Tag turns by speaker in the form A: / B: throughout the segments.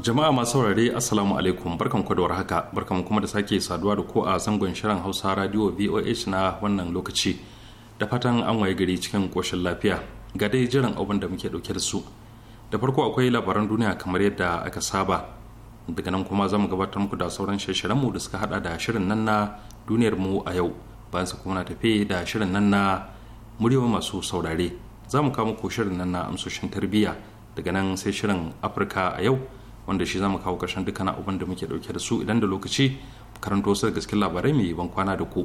A: Jama'a masu saurare Assalamu alaikum barkan ku da warhaka barkan kuma da sake saduwa da ku a zangon shirin Hausa Radio VOH na wannan lokaci da fatan an waye gari cikin koshin lafiya ga dai jiran abin da muke dauke da su da farko akwai labaran duniya kamar yadda aka saba daga nan kuma zamu gabatar muku da sauran shirye mu da suka hada da shirin nan na duniyar mu a yau bayan su kuma na tafe da shirin nan na muryoyi masu saurare zamu mu kawo muku shirin nan na amsoshin tarbiyya daga nan sai shirin afirka a yau wanda shi zama kawo karshen dukkan abin da muke dauke da su idan da lokaci karanto su gaske labarai mai ban kwana da ku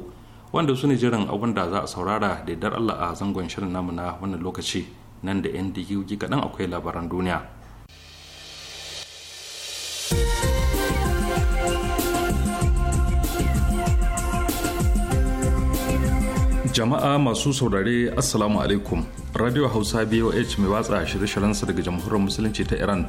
A: wanda su ne jiran abin da za a saurara da dar Allah a zangon shirin namu na wannan lokaci nan da yan digigi kaɗan akwai labaran duniya. jama'a masu saurare assalamu alaikum radio hausa boh mai watsa shirye-shiryensa daga jamhuriyar musulunci ta iran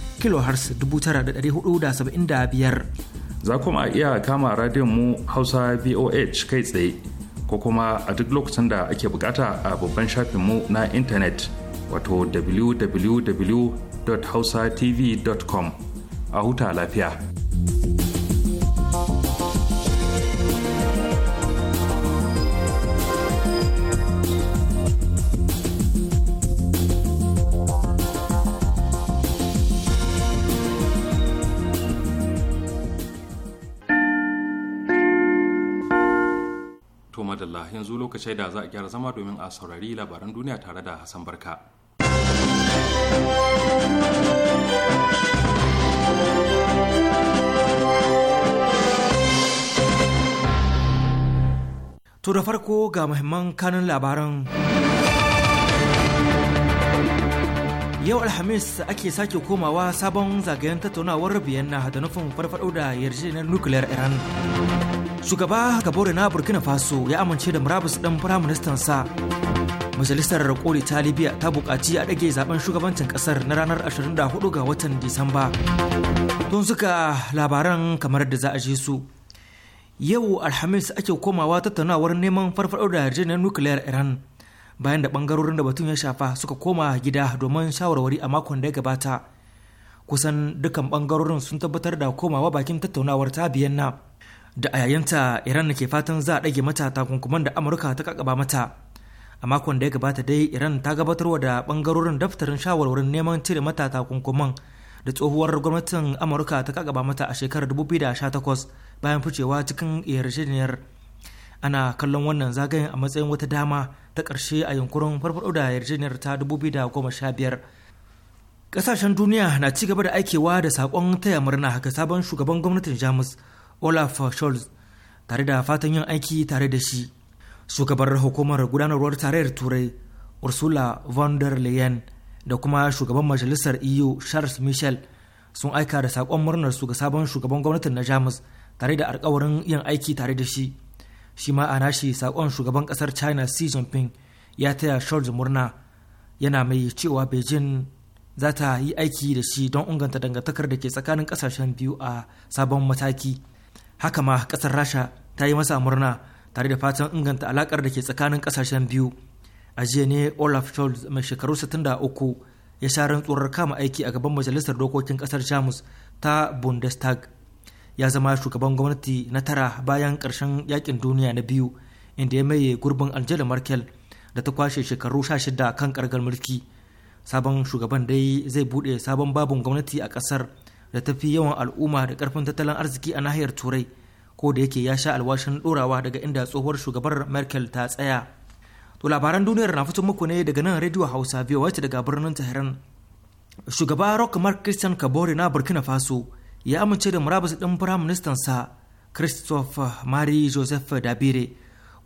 B: kilohertz biyar.
A: za kuma iya kama radiyon mu hausa boh kai tsaye ko kuma a duk lokacin da ake bukata a babban shafinmu na intanet wato www.hausatv.com a huta lafiya. yanzu lokacin da za a gyara zama domin a saurari labaran duniya tare da Hassan Barka.
B: To da farko ga muhimman kanun labaran. Yau Alhamis ake sake komawa sabon zagayen tattaunawar na da nufin farfado da yarjejeniyar nukiliyar Iran. shugaba gabore na burkina faso ya amince da murabus ɗan firaministan sa majalisar koli ta libya ta buƙaci a ɗage zaben shugabancin ƙasar na ranar 24 ga watan disamba tun suka labaran kamar da za a je su yau alhamis ake komawa tattaunawar neman farfaɗo da yarjejeniyar nukiliyar iran bayan da bangarorin da batun ya shafa suka koma gida domin shawarwari a makon da ya gabata kusan dukkan bangarorin sun tabbatar da komawa bakin tattaunawar ta biyanna da a yayinta iran ke fatan za a ɗage mata takunkuman da amurka ta kakaba mata a makon da ya gabata dai iran ta gabatar wa da ɓangarorin daftarin shawarwarin neman cire mata takunkuman da tsohuwar gwamnatin amurka ta kakaba mata a shekarar 2018 bayan ficewa cikin yarjejeniyar ana kallon wannan zagayen a matsayin wata dama ta ƙarshe a yunkurin farfaɗo da yarjejeniyar ta biyar. Ƙasashen duniya na ci gaba da aikewa da saƙon taya murna ga sabon shugaban gwamnatin Jamus olaf scholz tare da fatan yin aiki tare da shi shugabar hukumar gudanarwar tarayyar turai ursula von der leyen da kuma shugaban majalisar eu charles michel sun aika da saƙon murnar su ga sabon shugaban gwamnatin na jamus tare da alkawarin yin aiki tare da shi shi ma a nashi saƙon shugaban ƙasar china xi jinping ya taya shorge murna yana mai cewa beijing za ta yi aiki da shi don inganta dangantakar da ke tsakanin ƙasashen biyu a sabon mataki haka ma kasar rasha ta yi masa murna tare da fatan inganta alakar da ke tsakanin kasashen biyu a jiya ne olaf scholz mai shekaru 63 ya sha rantsuwar kama aiki a gaban majalisar dokokin kasar jamus ta bundestag ya zama shugaban gwamnati na tara bayan ƙarshen yakin duniya na biyu inda ya maye gurbin angela merkel da ta kwashe shekaru 16 kan kargar mulki sabon shugaban dai zai buɗe sabon babin gwamnati a ƙasar da ta fi yawan al'umma da karfin tattalin arziki a nahiyar turai ko da yake ya sha alwashin dorawa daga inda tsohuwar shugabar merkel ta tsaya to labaran duniyar na fito muku ne daga nan rediyo hausa biyu wacce daga birnin tehran shugaba rock mark christian kabori na burkina faso ya amince da murabus din firaministan sa christophe marie joseph dabire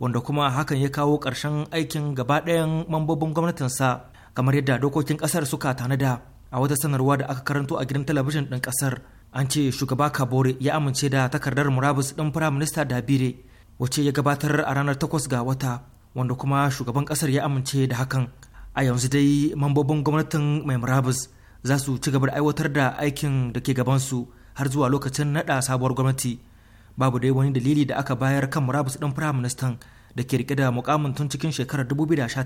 B: wanda kuma hakan ya kawo karshen aikin gaba ɗayan mambobin gwamnatinsa kamar yadda dokokin ƙasar suka tanada a wata sanarwa da aka karanto a gidan talabijin ɗin ƙasar an ce shugaba kabore ya amince da takardar murabus ɗin firaminista dabire wacce ya gabatar a ranar takwas ga wata wanda kuma shugaban ƙasar ya amince da hakan a yanzu dai mambobin gwamnatin mai murabus za su ci gaba da aiwatar da aikin da ke gabansu har zuwa lokacin naɗa sabuwar gwamnati babu dai wani dalili da aka bayar kan murabus ɗin firaministan da ke rike da mukamin tun cikin shekarar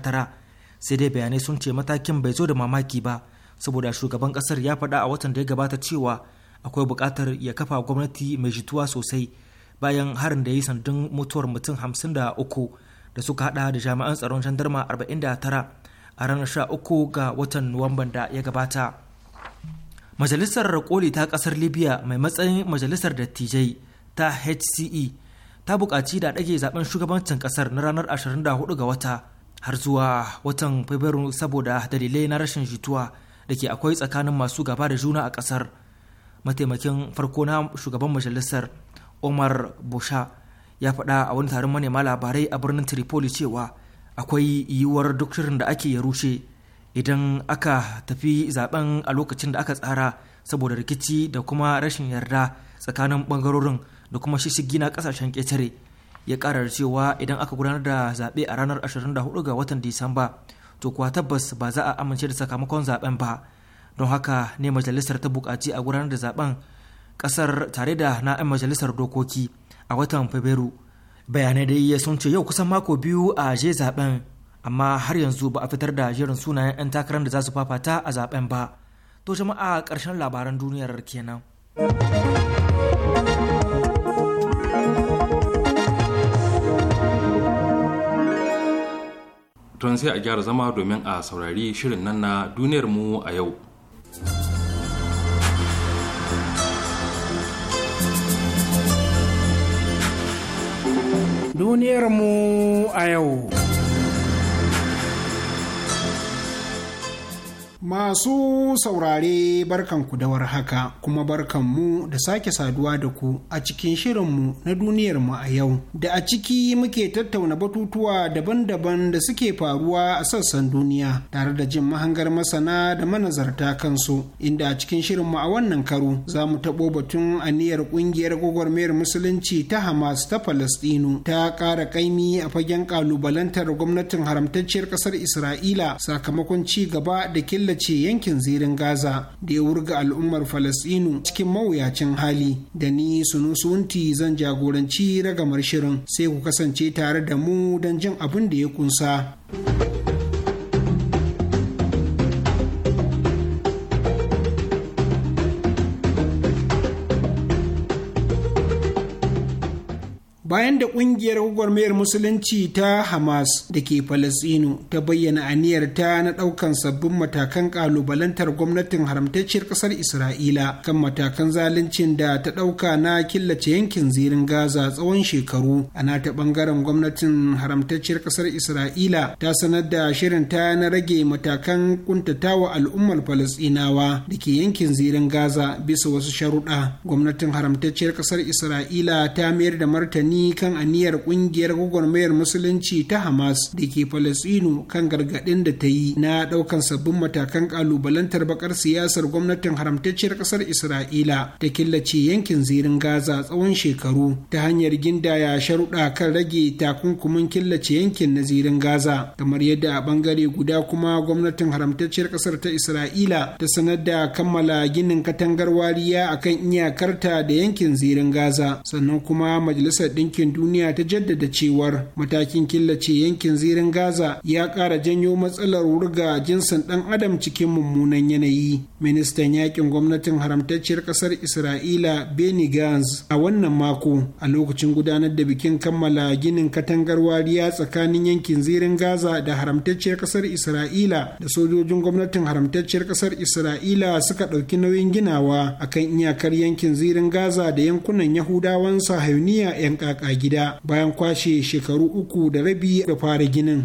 B: tara sai dai bayanai sun ce matakin bai zo da mamaki ba saboda shugaban kasar ya faɗa a watan da ya gabata cewa akwai buƙatar ya kafa gwamnati mai jituwa sosai bayan harin da ya yi sandun mutuwar mutum hamsin da uku da suka hada da jami'an tsaron jandarma arba'in a ranar sha uku ga watan nuwamban da ya gabata majalisar koli ta kasar libya mai matsayin majalisar dattijai ta hce ta bukaci da ɗage zaben shugabancin kasar na ranar 24 ga wata har zuwa watan fabrairu saboda dalilai na rashin jituwa da ke akwai tsakanin masu gaba da juna a ƙasar mataimakin farko na shugaban majalisar omar busha ya faɗa a wani taron manema labarai a birnin tripoli cewa akwai yiwuwar duk shirin da ake ya rushe idan aka tafi zaben a lokacin da aka tsara saboda rikici da kuma rashin yarda tsakanin bangarorin da kuma shishigi na kasashen ketare ya karar cewa idan aka gudanar da zaɓe a ranar 24 ga watan disamba to kuwa tabbas ba za a amince da sakamakon zaben ba don haka ne majalisar ta bukaci a gudanar da zaben ƙasar tare da na 'yan majalisar dokoki a watan fabrairu bayanai dai sun ce yau kusan mako biyu a je zaben amma har yanzu ba a fitar da jerin sunayen 'yan takarar da za su fafata a zaben ba to jama'a ƙarshen labaran duniyar kenan.
A: tun sai a gyara zama domin a saurari shirin nan na duniyar mu a yau.
C: Duniyar mu a yau. Masu saurare barkan ku dawar haka kuma barkanmu da sake saduwa da ku a cikin shirinmu na duniyarmu a yau da a ciki muke tattauna batutuwa daban-daban da suke faruwa a sassan duniya tare da jin mahangar masana da manazarta kansu inda a cikin shirin mu a wannan karo za mu taɓo batun aniyar ƙungiyar gwagwarmayar musulunci ta Hamas ta Falastinu ta ƙara ƙaimi a fagen ƙalubalantar gwamnatin haramtacciyar ƙasar Isra'ila sakamakon ci gaba da killace ce yankin zirin Gaza da ya wurga al'ummar Falasɗinu cikin mawuyacin hali da ni sunusunti zan jagoranci ragamar shirin sai ku kasance tare da mu don jin abin da ya kunsa. bayan da ƙungiyar gwagwarmayar musulunci ta hamas da ke falasinu ta bayyana aniyarta na daukan sabbin matakan kalubalantar gwamnatin haramtacciyar ƙasar isra'ila kan matakan zaluncin da ta ɗauka na killace yankin zirin gaza tsawon shekaru a ta ɓangaren gwamnatin haramtacciyar ƙasar isra'ila ta sanar da shirin ta na rage matakan ƙuntatawa al'ummar falasinawa da ke yankin zirin gaza bisa wasu sharuɗa gwamnatin haramtacciyar ƙasar isra'ila ta mayar da martani yi kan aniyar kungiyar gwagwarmayar musulunci ta hamas da ke falasinu kan gargaɗin da ta yi na ɗaukan sabbin matakan ƙalubalantar bakar siyasar gwamnatin haramtacciyar ƙasar isra'ila ta killace yankin zirin gaza tsawon shekaru ta hanyar gindaya sharuɗa kan rage takunkumin killace yankin na zirin gaza kamar yadda a bangare guda kuma gwamnatin haramtacciyar ƙasar ta isra'ila ta sanar da kammala ginin katangar wariya akan iyakarta da yankin zirin gaza sannan kuma majalisar ɗinkin yankin duniya ta jaddada cewar matakin killace yankin zirin gaza ya ƙara janyo matsalar wurga jinsin ɗan adam cikin mummunan yanayi ministan yakin gwamnatin haramtacciyar ƙasar isra'ila benny gans a wannan mako a lokacin gudanar da bikin kammala ginin katangar wariya tsakanin yankin zirin gaza da haramtacciyar kasar isra'ila da sojojin gwamnatin haramtacciyar ƙasar isra'ila suka ɗauki nauyin ginawa akan iyakar yankin zirin gaza da yankunan yahudawan sahayuniya 'yan A gida bayan kwashe shekaru uku da rabi da fara ginin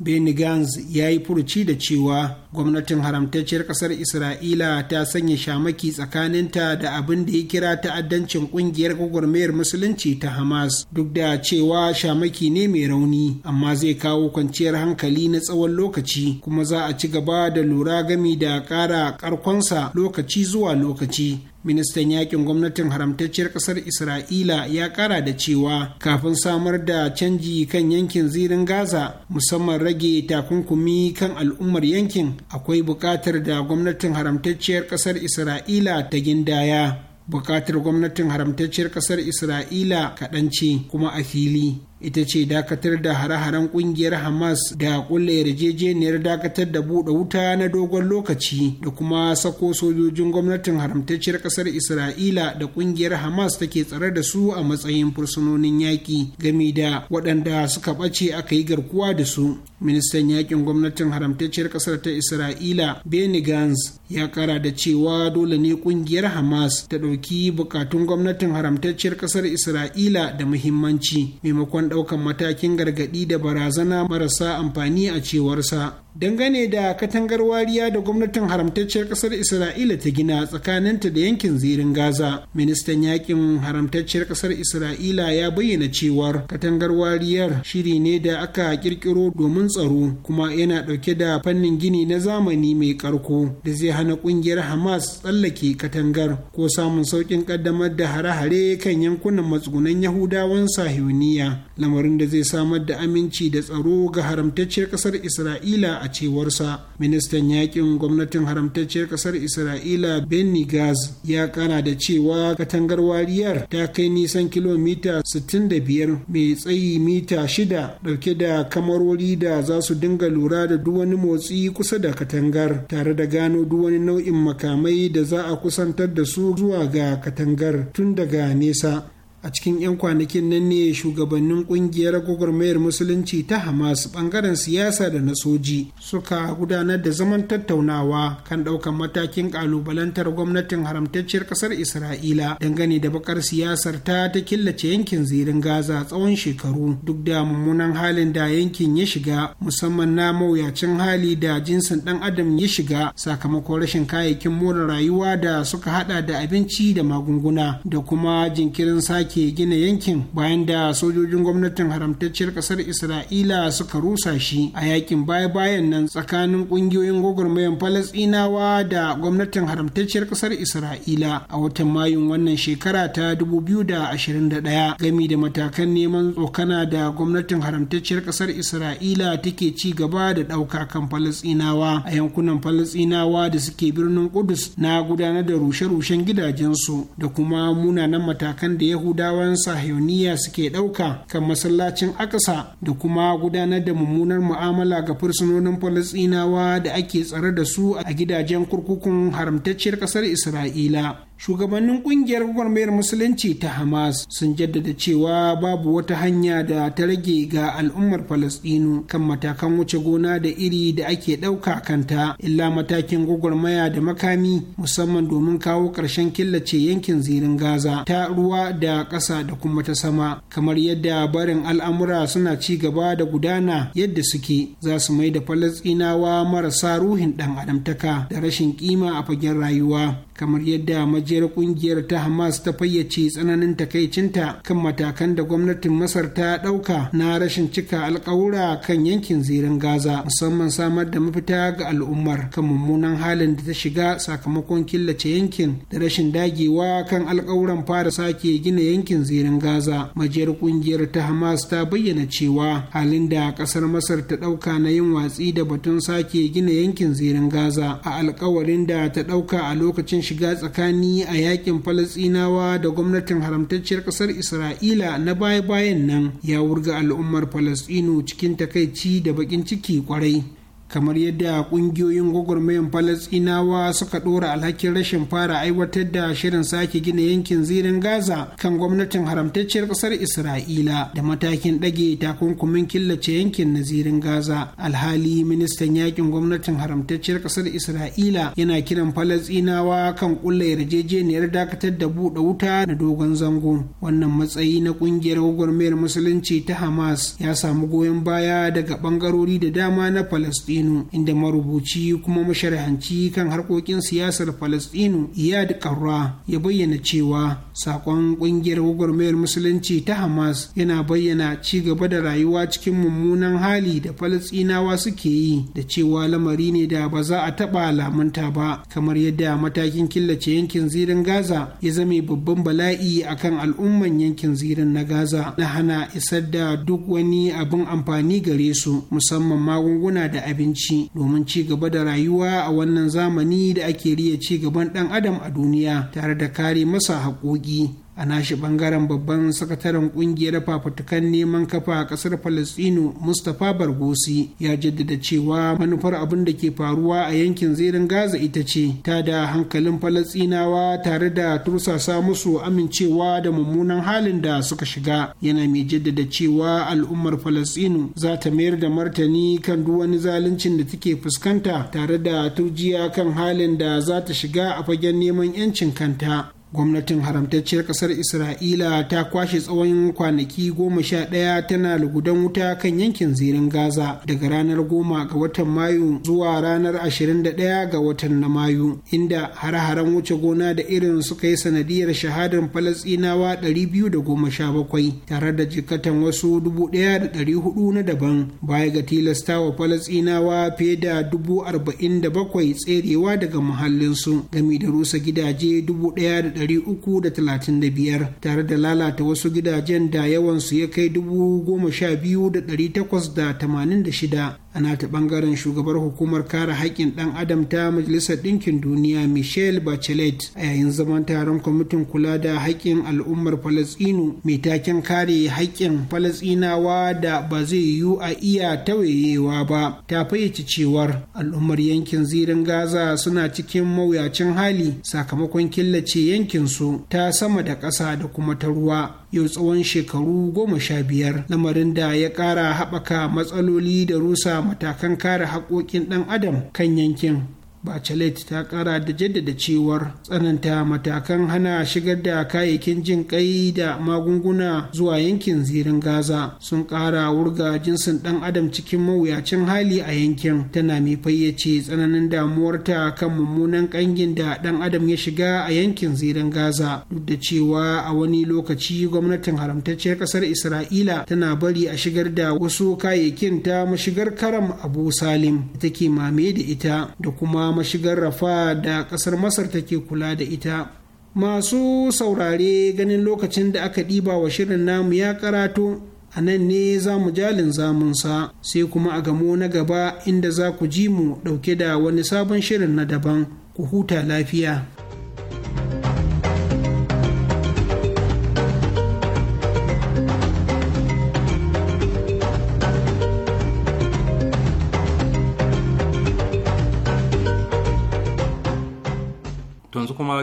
C: Benny Gantz ya yi furuci da cewa gwamnatin haramtacciyar ƙasar Isra'ila ta sanya shamaki tsakaninta da abin da ya kira ta'addancin ƙungiyar gwagwarmayar musulunci ta Hamas duk da cewa shamaki ne mai rauni amma zai kawo kwanciyar hankali na tsawon lokaci kuma za a ci gaba da lura gami da ƙara ƙarkonsa lokaci zuwa lokaci ministan yakin gwamnatin haramtacciyar kasar isra'ila ya kara da cewa kafin samar da canji kan yankin zirin gaza musamman rage takunkumi kan al'ummar yankin akwai bukatar da gwamnatin haramtacciyar kasar isra'ila ta gindaya bukatar gwamnatin haramtacciyar kasar isra'ila kaɗan kuma a fili ita ce dakatar da hare-haren kungiyar hamas da kulle yarjejeniyar dakatar da buɗe wuta na dogon lokaci da kuma sako sojojin gwamnatin haramtacciyar ƙasar isra'ila da kungiyar hamas take tsare da su a matsayin fursunonin yaƙi game da waɗanda suka ɓace aka yi garkuwa da su ministan yakin gwamnatin haramtacciyar ƙasar ta isra'ila benny gans ya kara da cewa dole ne kungiyar hamas ta ɗauki bukatun gwamnatin haramtacciyar ƙasar isra'ila da muhimmanci maimakon kan ɗaukan matakin gargaɗi da barazana marasa amfani a cewarsa dangane da katangar wariya da gwamnatin haramtacciyar kasar isra'ila ta gina tsakaninta da yankin zirin gaza ministan yakin haramtacciyar kasar isra'ila ya bayyana cewar katangar wariyar shiri ne da aka kirkiro domin tsaro kuma yana dauke da fannin gini na zamani mai karko da zai hana kungiyar hamas tsallake katangar ko samun saukin kaddamar da hare-hare kan yankunan matsugunan yahudawan sahiyoniya lamarin da zai samar da aminci da tsaro ga haramtacciyar kasar isra'ila a a cewarsa ministan yakin gwamnatin haramtacciyar kasar isra'ila benny gaz ya kara da cewa katangar wariyar ta kai nisan kilomita 65 mai tsayi mita 6 dauke da kamarori da za su dinga lura da duk wani motsi kusa da katangar tare da gano duk wani nau'in makamai da za a kusantar da su zuwa ga katangar tun daga nesa a cikin 'yan kwanakin nan ne shugabannin kungiyar gwagwarmayar musulunci ta hamas bangaren siyasa da na soji suka gudanar da zaman tattaunawa kan daukan matakin kalubalantar gwamnatin haramtacciyar kasar isra'ila dangane da bakar siyasar ta ta killace yankin zirin gaza tsawon shekaru duk da mummunan halin da yankin ya shiga musamman na mawuyacin hali da jinsin dan adam ya shiga sakamakon rashin kayayyakin more rayuwa da suka hada da abinci da magunguna da kuma jinkirin sake sake gina yankin bayan da sojojin gwamnatin haramtacciyar kasar isra'ila suka rusa shi a yakin baya-bayan nan tsakanin kungiyoyin gwagwarmayan falasinawa da gwamnatin haramtacciyar kasar isra'ila a watan mayun wannan shekara ta 2021 gami da matakan neman tsokana da gwamnatin haramtacciyar kasar isra'ila take ci gaba da ɗauka kan falasinawa a yankunan falasinawa da suke birnin kudus na gudanar da rushe-rushen gidajensu da kuma munanan matakan da yahuda yahudawan sahioniya suke ɗauka kan masallacin akasa da kuma gudanar da mummunar mu'amala ga fursunonin falasɗinawa da ake tsare da su a gidajen kurkukun haramtacciyar ƙasar isra'ila shugabannin kungiyar gwagwarmayar musulunci ta hamas sun jaddada cewa babu wata hanya da ta rage ga al'ummar falastinu kan matakan wuce gona da iri da ake ɗauka kanta illa matakin gwagwarmaya da makami musamman domin kawo ƙarshen killace yankin zirin gaza ta ruwa da ƙasa da kuma ta sama kamar yadda barin al'amura suna ci gaba da gudana yadda suke za su mai da falastinawa marasa ruhin ɗan adamtaka da rashin kima a fagen rayuwa kamar yadda majiyar kungiyar ta hamas ta fayyace tsananin takaicinta kan matakan da gwamnatin masar ta ɗauka na rashin cika alkawura kan yankin zirin gaza musamman samar da mafita ga al'ummar kan mummunan halin da ta shiga sakamakon killace yankin da rashin dagewa kan alkawuran fara sake gina yankin zirin gaza majiyar kungiyar ta hamas ta bayyana cewa halin da kasar masar ta ɗauka na yin watsi da batun sake gina yankin zirin gaza a alkawarin da ta ɗauka a lokacin shiga tsakani a yakin falasinawa da gwamnatin haramtacciyar kasar isra'ila na baya-bayan nan ya wurga al'ummar falasinu cikin takaici da bakin ciki kwarai kamar yadda kungiyoyin gwagwarmayar falasinawa suka dora alhakin rashin fara aiwatar da shirin sake gina yankin zirin gaza kan gwamnatin haramtacciyar kasar isra'ila da matakin ɗage takunkumin killace yankin na zirin gaza alhali ministan yakin gwamnatin haramtacciyar kasar isra'ila yana kiran falasinawa kan kulla yarjejeniyar dakatar da buɗe wuta na dogon zango wannan matsayi na kungiyar gwagwarmayar musulunci ta hamas ya samu goyon baya daga ɓangarori da dama na falasɗina falastinu inda marubuci kuma masharhanci kan harkokin siyasar falastinu iyad karra ya bayyana cewa sakon ƙungiyar gwagwarmayar musulunci ta hamas yana bayyana ci gaba da rayuwa cikin mummunan hali da falastinawa suke yi da cewa lamari ne da ba za a taɓa lamunta ba kamar yadda matakin killace yankin zirin gaza ya zame babban bala'i akan al'umman yankin zirin na gaza na hana isar da duk wani abin amfani gare su musamman magunguna da abinci abinci domin ci gaba da rayuwa a wannan zamani da ake riya ci gaban ɗan adam a duniya tare da kare masa haƙoƙi a nashi bangaren babban sakataren kungiyar fafutukan neman kafa a kasar palestino mustapha bargosi ya jaddada cewa manufar abin da ke faruwa a yankin zirin gaza ita ce ta da hankalin palestinawa tare da tursasa musu amincewa da mummunan halin da suka shiga yana mai jaddada cewa al'ummar palestino za ta mayar da martani kan duk wani zaluncin da take fuskanta tare da turjiya kan halin da za ta shiga a fagen neman 'yancin kanta gwamnatin haramtacciyar kasar isra'ila ta kwashe tsawon kwanaki goma sha ɗaya tana lugudan wuta kan yankin zirin gaza daga ranar goma ga watan mayu zuwa ranar ashirin da ɗaya ga watan na mayu inda har haren wuce gona da irin suka yi sanadiyar shahadar falasinawa ɗari biyu da goma sha bakwai tare da jikatan wasu dubu ɗaya da ɗari hudu na daban baya ga tilastawa falasinawa fiye da dubu arba'in da bakwai tserewa daga muhallinsu gami da rusa gidaje dubu ɗaya da 335 tare da lalata wasu gidajen da yawansu ya kai 12,886 ana ta bangaren shugabar hukumar kare haƙƙin ɗan adam ta majalisar ɗinkin duniya michelle bachelet a yayin zaman taron kwamitin kula da haƙƙin al'ummar falasɗinu mai taken kare haƙƙin falasɗinawa da ba zai yiwu a iya tawayewa ba ta fayyace cewar al'ummar yankin zirin gaza suna cikin mawuyacin hali sakamakon killace yankinsu ta sama da ƙasa da kuma ta ruwa yau tsawon shekaru goma sha biyar lamarin da ya ƙara haɓaka matsaloli da rusa matakan kare haƙoƙin ɗan adam kan yankin bachelet ta kara da jaddada cewar tsananta matakan hana shigar da kayayyakin jin kai da magunguna zuwa yankin zirin gaza sun kara wurga jinsin dan adam cikin mawuyacin hali a yankin tana mai fayyace tsananin damuwarta kan mummunan kangin da dan adam ya shiga a yankin zirin gaza duk da cewa a wani lokaci gwamnatin haramtacciyar kasar isra'ila tana bari a shigar da wasu kayayyakin ta mashigar karam abu salim take mame da ita da kuma mashigar rafa da kasar masar take kula da ita masu saurare ganin lokacin da aka ɗiba wa shirin namu ya karato a nan ne za mu jalin zamunsa sai kuma a gamo na gaba inda za ku ji mu ɗauke da wani sabon shirin na daban ku huta lafiya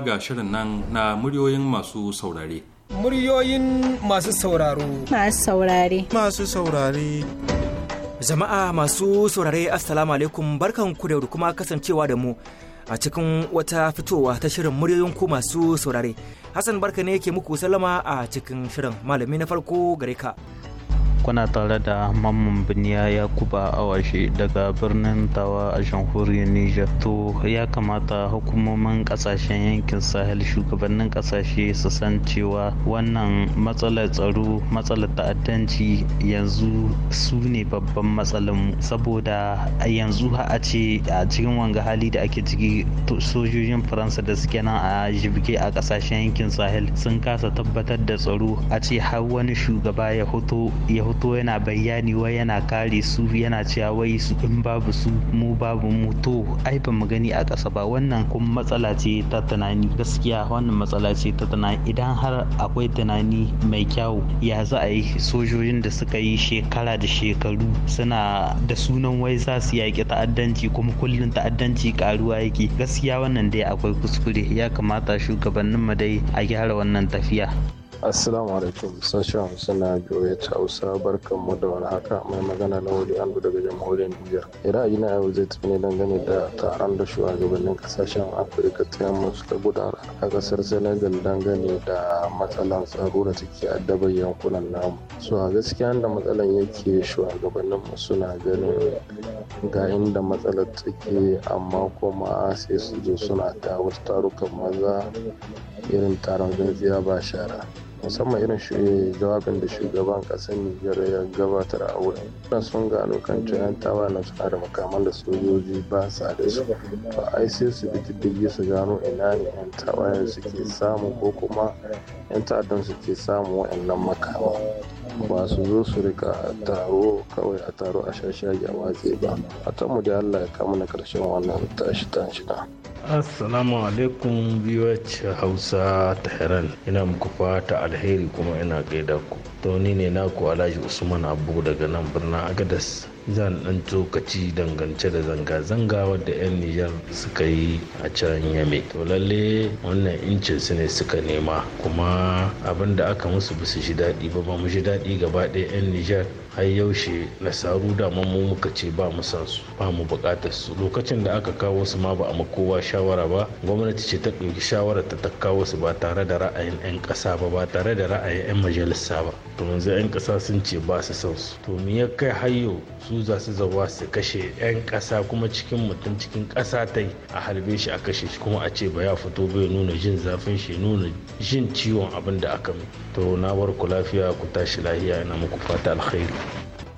A: ga shirin nan na muryoyin masu saurare.
B: Muryoyin masu sauraro. Masu saurare. Masu saurare. Jama'a masu saurare Assalamu alaikum barkanku da kuma kasancewa da mu a cikin wata fitowa ta shirin muryoyin ku masu saurare. Hassan barka ne ke muku salama a cikin shirin malami na farko gare ka.
D: kuna tare da mamman biniya yakuba awashi daga birnin tawa a jamhuriyar niger to ya kamata hukumomin kasashen yankin sahel shugabannin kasashe su san cewa wannan matsalar tsaro matsalar ta'addanci yanzu su ne babban matsalar saboda yanzu ha a ce a cikin wanga hali da ake ciki sojojin faransa da suke nan a jibge a kasashen yankin sahel sun kasa tabbatar da tsaro a ce har wani shugaba ya hoto ya fito yana bayani wai yana kare su yana cewa wai su in babu su mu babu mu to ai ba mu gani a ƙasa ba wannan kuma matsala ce ta tunani gaskiya wannan matsala ce ta tunani idan har akwai tunani mai kyau ya za a yi sojojin da suka yi shekara da shekaru suna da sunan wai za su yaƙi ta'addanci kuma kullum ta'addanci karuwa yake gaskiya wannan dai akwai kuskure ya kamata shugabannin mu dai a gyara wannan tafiya. Assalamu alaikum sashen Hausa na ta Hausa
E: barkan mu da wani haka mai magana na wuri
A: an daga jamhuriyar Nijar.
E: Ra'ayi na yau zai tafi ne dangane da taron da shugabannin kasashen Afirka ta yamma suka gudanar a kasar Senegal dangane da matsalan tsaro da take addabar yankunan namu. su a gaskiya da matsalan yake shugabannin mu suna ganin ga inda matsalar take amma kuma sai su zo suna ta wasu tarukan maza irin taron gargajiya ba shara. musamman irin eh, jawabin da shugaban ƙasar nijar ya gabatar a wurin na sun gano kan tawa na suna da makaman da sojoji ba sa da su to ai sai su bi diddigi su gano ina ne yan tawayen suke samu ko kuma yan ta'addan suke samu wa'annan makaman. ba zo su rika taro kawai a taro a shashagi a watse ba a mu da allah ya kama na karshen wannan tashi tashi shida
F: Assalamu alaikum VOH Hausa Tehran ina muku fata alheri kuma ina gaida ku. To ni ne naku Alhaji Usman Abu daga nan birnin Agadas. zan ɗan tokaci dangance da zanga-zanga wadda 'yan nijar suka yi a can yame to lalle wannan incin su ne suka nema kuma abin da aka musu ba su ji daɗi ba ba mu ji daɗi gaba ɗaya 'yan nijar har yaushe nasaru da mu muka ce ba mu san su ba mu bukatar su lokacin da aka kawo su ma ba a kowa shawara ba gwamnati ce ta ɗauki shawara ta ta kawo su ba tare da ra'ayin 'yan ƙasa ba ba tare da ra'ayin 'yan majalisa ba to yanzu 'yan ƙasa sun ce ba su san su to me ya kai hayo su za su zawa su kashe 'yan ƙasa kuma cikin mutum cikin ƙasa ta yi a halbe shi a kashe shi kuma a ce ba ya fito bai nuna jin zafin shi nuna jin ciwon abin da aka mai to na bar ku lafiya ku tashi lahiya ina muku fata alkhairi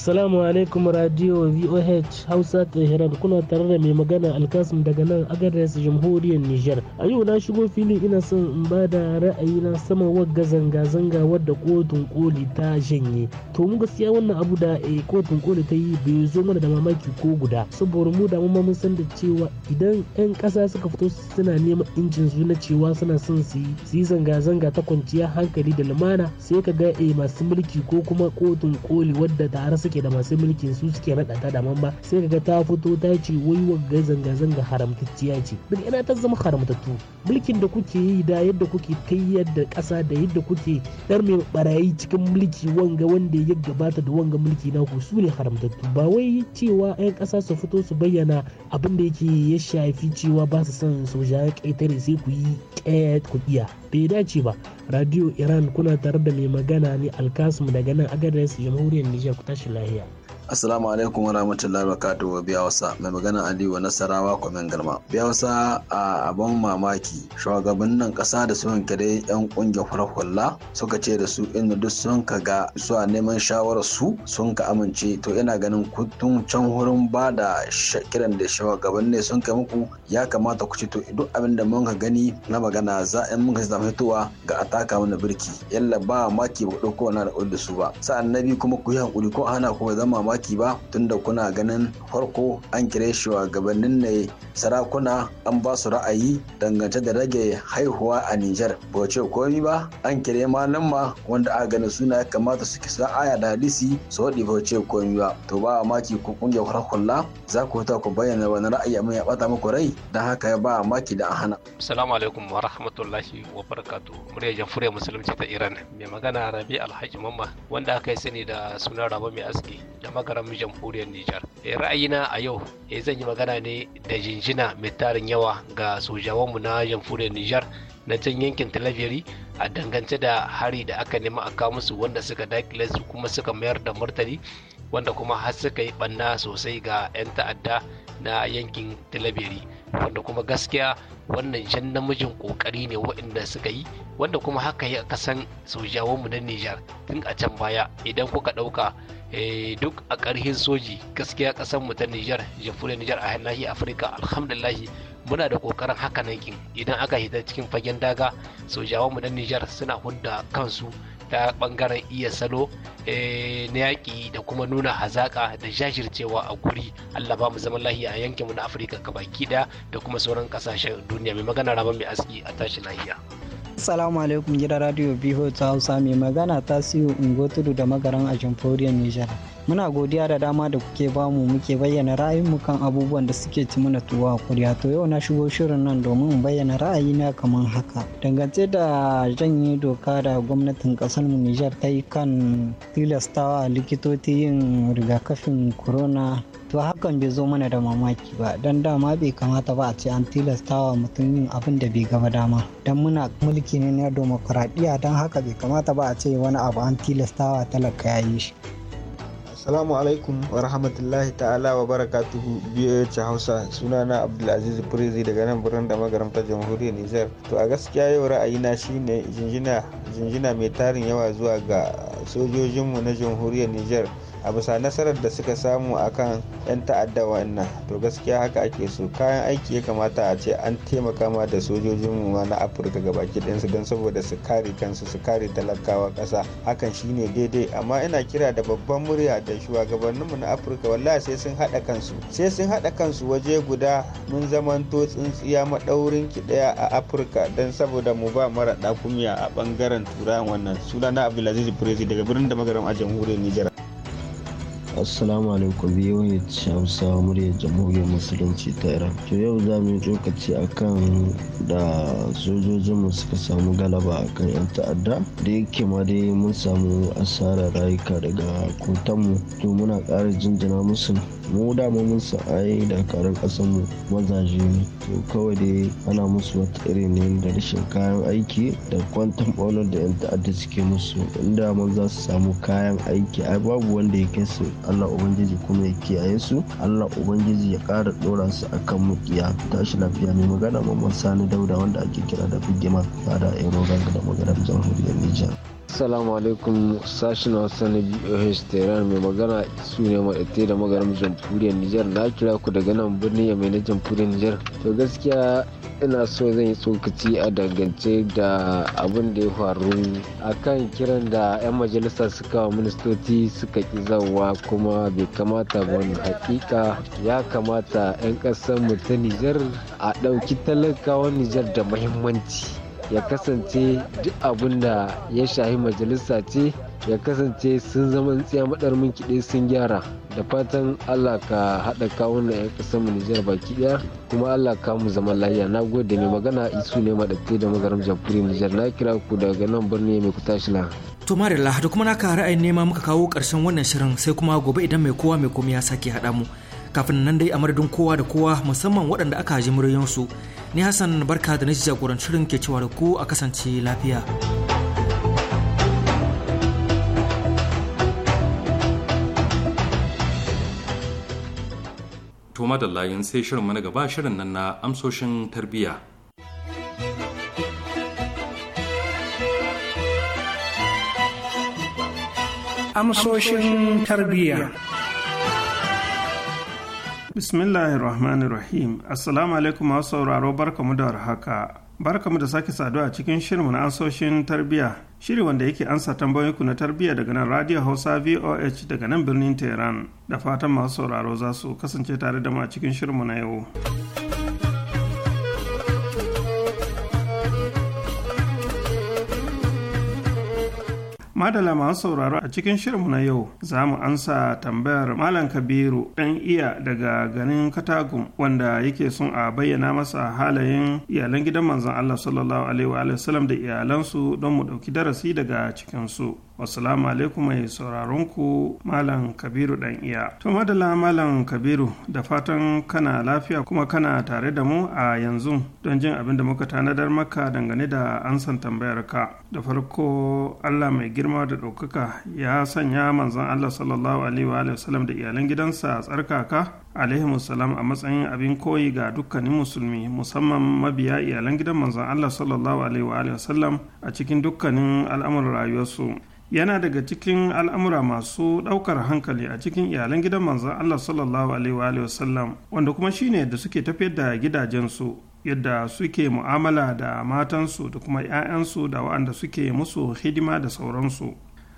G: Assalamu alaikum radio VOH Hausa Tehran kuna tare da mai magana Alkasim daga nan Agadez Jamhuriyar Nijar. A yau na shigo fili ina son in ba da ra'ayina sama wagga zanga-zanga wadda kotun koli ta janye. To mu gaskiya wannan abu da e, kotun koli ta yi bai zo mana da mamaki ko guda. Saboda mu da mun san da cewa idan 'yan ƙasa suka fito suna neman injin su na cewa suna son su yi zanga-zanga ta kwanciya hankali da lumana sai ka ga e, masu mulki ko kuma kotun koli wadda tare suke ke da masu mulkin su suke naɗa ta da mamba sai kaga ta fito ta ce wai wagga zanga-zanga haramtacciya ce duk ina ta zama haramtattu mulkin da kuke yi da yadda kuke tayyar da ƙasa da yadda kuke dar mai barayi cikin mulki wanga wanda ya gabata da wanga mulki naku su ne haramtattu ba wai cewa 'yan ƙasa su fito su bayyana abin da yake ya shafi cewa ba su son soja ƙetare sai ku yi ƙet ku iya bai dace ba radio iran kuna tare da mai magana ne alkasmu daga nan agadar jamhuriyar nijar ku tashi lahiya
E: Assalamu alaikum wa rahmatullahi wa barakatuhu biya wasa mai magana Aliyu Nasarawa kwamen galma. Biya wasa a ban mamaki shugabannin kasa da sun kare yan kungiyar farfalla suka ce da su inda duk sun ka ga zuwa neman shawarar su sun ka amince to ina ganin kutun can hurin ba da kiran da shugaban sun kai muku ya kamata ku ce to duk abin da mun ka gani na magana za in mun ka zama fitowa ga ataka mana birki yalla ba maki ba ku dauko wannan da su ba sa'an nabi kuma ku yi hakuri ko hana ku zama mamaki ba tunda kuna ganin farko an kire shugabannin ne sarakuna an ba su ra'ayi dangance da rage haihuwa a Nijar. Ba ce komi ba an kire malamma wanda aka gani suna ya kamata su kisa aya da hadisi su waɗi ba ce komi ba. To ba mamaki ku kungiyar farkulla za ku ta ku bayyana wani ra'ayi mai ya bata muku rai don haka ba mamaki da a hana.
H: Assalamu alaikum wa rahmatullahi wa barakatu. Muryar fure Musulunci ta Iran mai magana Rabi Alhaji Mamma wanda aka yi sani da sunan Rabo mai aski da magaram jamhuriyar Nijar. Eh, ra'ayina a yau eh, zan yi magana ne da jinjina mai tarin yawa ga sojawanmu na jamhuriyar Nijar na can yankin talabiri a dangance da hari da aka nema a kawo musu wanda suka dakile su kuma suka mayar da martani wanda kuma har suka yi ɓanna sosai ga 'yan ta'adda na yankin talabiri wanda kuma gaskiya wannan jan namijin kokari ne waɗanda suka yi wanda kuma haka ya kasan sojawanmu na Nijar tun a can baya idan kuka ɗauka eh, duk a ƙarhin soji gaskiya ƙasar mu ta Nijar jamhuriyar Nijar a nahiyar Afirka alhamdulahi muna da kokarin haka nan idan aka hita cikin fagen daga sojawanmu na Nijar suna hudda kansu ta bangaren iya salo eh, na yaƙi da kuma nuna hazaƙa da jajircewa a guri Allah ba mu zama lahiya a yankinmu na Afirka gabaki ɗaya da kuma sauran ƙasashen duniya mai magana rabon mai aski a tashi lahiya.
E: Assalamu alaikum gidan radio biho ta Hausa mai magana ta siyo Ungo Tudu da magaran a jamhuriyar Nijar. muna godiya da dama da kuke bamu muke bayyana ra'ayinmu kan abubuwan da suke ci mana tuwa kuriya to yau na shigo shirin nan domin in bayyana ra'ayina kamar haka dangance da janye doka da gwamnatin kasar Nijar ta yi kan tilastawa likitoci yin rigakafin corona to hakan bai zo mana da mamaki ba don dama bai kamata ba a ce an tilastawa mutum yin abin da bai gaba dama don muna mulki ne na demokuraɗiyya don haka bai kamata ba a ce wani abu an tilastawa talaka ya yi shi
C: Assalamu alaikum wa rahmatullahi ta'ala wa barakatuhu BH Hausa sunana Abdulaziz Prezi daga nan birnin da magaram ta jamhuriyar Nijar. To a gaskiya yau ra'ayi na shine jinjina jinjina mai tarin yawa zuwa ga sojojinmu na jamhuriyar Nijar. a bisa nasarar da suka samu a kan 'yan ta'adda wa'annan to gaskiya haka ake so kayan aiki ya kamata a ce an taimaka ma da sojojinmu mu na afirka gabaki su don saboda su kare kansu su kare talakawa ƙasa hakan shine daidai amma ina kira da babban murya da shugabanninmu na afirka wallahi sai sun haɗa kansu sai sun haɗa kansu waje guda mun zamanto tsintsiya maɗaurin ki ɗaya a afirka don saboda mu ba mara
E: ɗakumiya a ɓangaren turawan wannan sunana abdulaziz prezi daga birnin da magaram a jamhuriyar nijar assalamu alaikum wani hausa muryar jamhuriyar musulunci ta iran to yau za mu yi tsokaci akan da mu suka samu galaba akan yan ta'adda da yake ma dai mun samu asarar rayuka daga kotanmu to muna ƙara jinjina musu mu da mu mun sa ai mu mazaje ne to kawai dai ana musu wata iri ne da rashin kayan aiki da kwantan ɓaunar da 'yan ta'adda suke musu inda mun za su samu kayan aiki ai babu wanda ya kai su Allah ubangiji kuma ya kiyaye su Allah ubangiji ya kara dora su akan mukiya tashi lafiya mai magana mamman sani dauda wanda ake kira da bigima fada a
I: da magana jamhuriyar
E: Nijar. Assalamu alaikum sashen Hausa na BOH Tehran mai magana su ne maɗate da magaram jamfuriyar Nijar na kira ku daga nan birnin yamma na jamfuriyar Nijar. To gaskiya ina so zan yi tsokaci a dangance da abin da ya faru akan kiran da 'yan majalisa suka wa ministoci suka ƙi zawa kuma bai kamata ba wani hakika ya kamata 'yan ƙasar mu ta Nijar a ɗauki talakawan Nijar da muhimmanci. ya kasance duk abin da ya shahi majalisa ce ya kasance sun zama tsiya madar mun kiɗe sun gyara da fatan allah ka haɗa kawun na 'yan ƙasar mu nijar baki ɗaya kuma allah ka mu zama lahiya na gode mai magana isu ne maɗaɗe da magaram jamhuriyar nijar na kira ku daga nan birni mai ku tashi na.
B: to marilla da kuma naka ra'ayin nema muka kawo ƙarshen wannan shirin sai kuma gobe idan mai kowa mai komai ya sake haɗa mu kafin nan dai a madadin kowa da kowa musamman waɗanda aka ji muryoyinsu ni hassan barka da na jagorancin ke cewa da ku a kasance lafiya.
A: to madalla yin sai shirin mana gaba shirin nan na amsoshin tarbiyya.
C: Amsoshin
I: tarbiyya. Bismillahirrahmanirrahim. Assalamu alaikum masu sauraro barkamu da warhaka. Barkamu da sake saduwa a cikin shirin na ansoshin tarbiyya. Shiri wanda yake ansa ku na tarbiyya daga nan Radio Hausa VOH daga nan birnin Tehran. Da fatan masu sauraro za su kasance tare da mu a cikin shirinmu na yau. madala masu sauraro a cikin shirinmu na yau za mu ansa tambayar malam kabiru ɗan iya daga ganin katagun wanda yake son a bayyana masa halayen iyalan gidan manzon allah sallallahu alaihi wa sallam da iyalansu don mu ɗauki darasi daga cikinsu wasalamu alaikum mai sauraron ku malam kabiru dan iya to madala malam kabiru da fatan kana lafiya kuma kana tare da mu a yanzu don jin abin da muka tanadar maka dangane da ansan tambayar ka da farko allah mai girma da ɗaukaka ya sanya manzon allah sallallahu alaihi wa sallam da iyalan gidansa a tsarkaka alaihimussalam a matsayin abin koyi ga dukkanin musulmi musamman mabiya iyalan gidan manzon Allah sallallahu alaihi wa sallam a cikin dukkanin al'amuran rayuwarsu yana daga cikin al'amura masu ɗaukar hankali a cikin iyalan gidan manzon Allah sallallahu alaihi wa sallam wanda kuma shine da suke tafiyar da gidajensu yadda suke mu'amala da matansu da kuma 'ya'yansu da waɗanda suke musu hidima da sauransu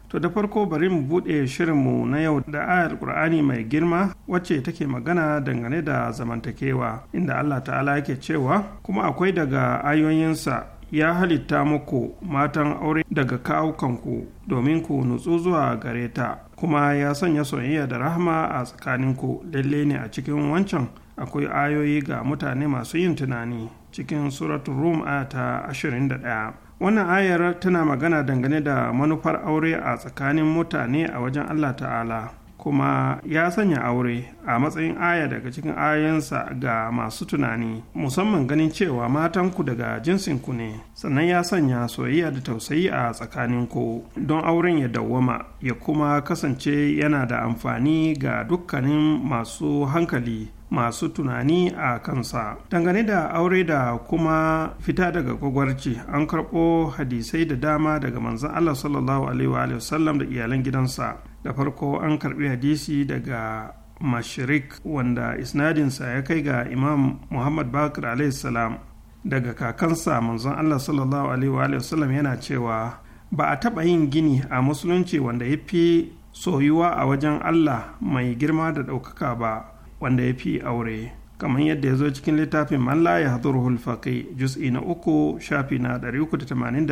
I: To da farko bari mu buɗe shirinmu na yau da ayar Ƙur'ani mai girma wacce take magana dangane da zamantakewa inda Allah ta'ala yake cewa kuma akwai daga ayoyinsa ya halitta muku matan aure daga kawukanku domin ku nutsu zuwa gare ta kuma ya sanya soyayya da rahama a tsakaninku lalle ne a cikin wancan akwai ayoyi ga mutane masu yin tunani cikin suratun rum a ta 21 wannan ayar tana magana dangane da manufar aure a tsakanin mutane a wajen allah ta'ala kuma ya sanya aure a matsayin aya daga cikin ayansa ga masu tunani musamman ganin cewa matanku daga jinsinku ne sannan ya sanya soyayya da tausayi a tsakaninku don auren ya dawwama ya kuma kasance yana da amfani ga dukkanin masu hankali masu tunani a kansa dangane da aure da kuma fita daga gwagwarci an karɓo hadisai da dama daga manzan allah sallallahu alaihi wasallam da iyalan gidansa da farko an karɓi hadisi daga mashirik wanda isnadinsa ya kai ga imam muhammad bakir alaihi salam daga kakansa manzon allah sallallahu alaihi wasallam yana cewa ba a taɓa yin gini a musulunci wanda ya fi soyuwa a wajen allah mai girma da ɗaukaka ba wanda ya fi aure kamar yadda ya zo cikin littafin malla ya hadurhul fakai juz'i na uku shafi na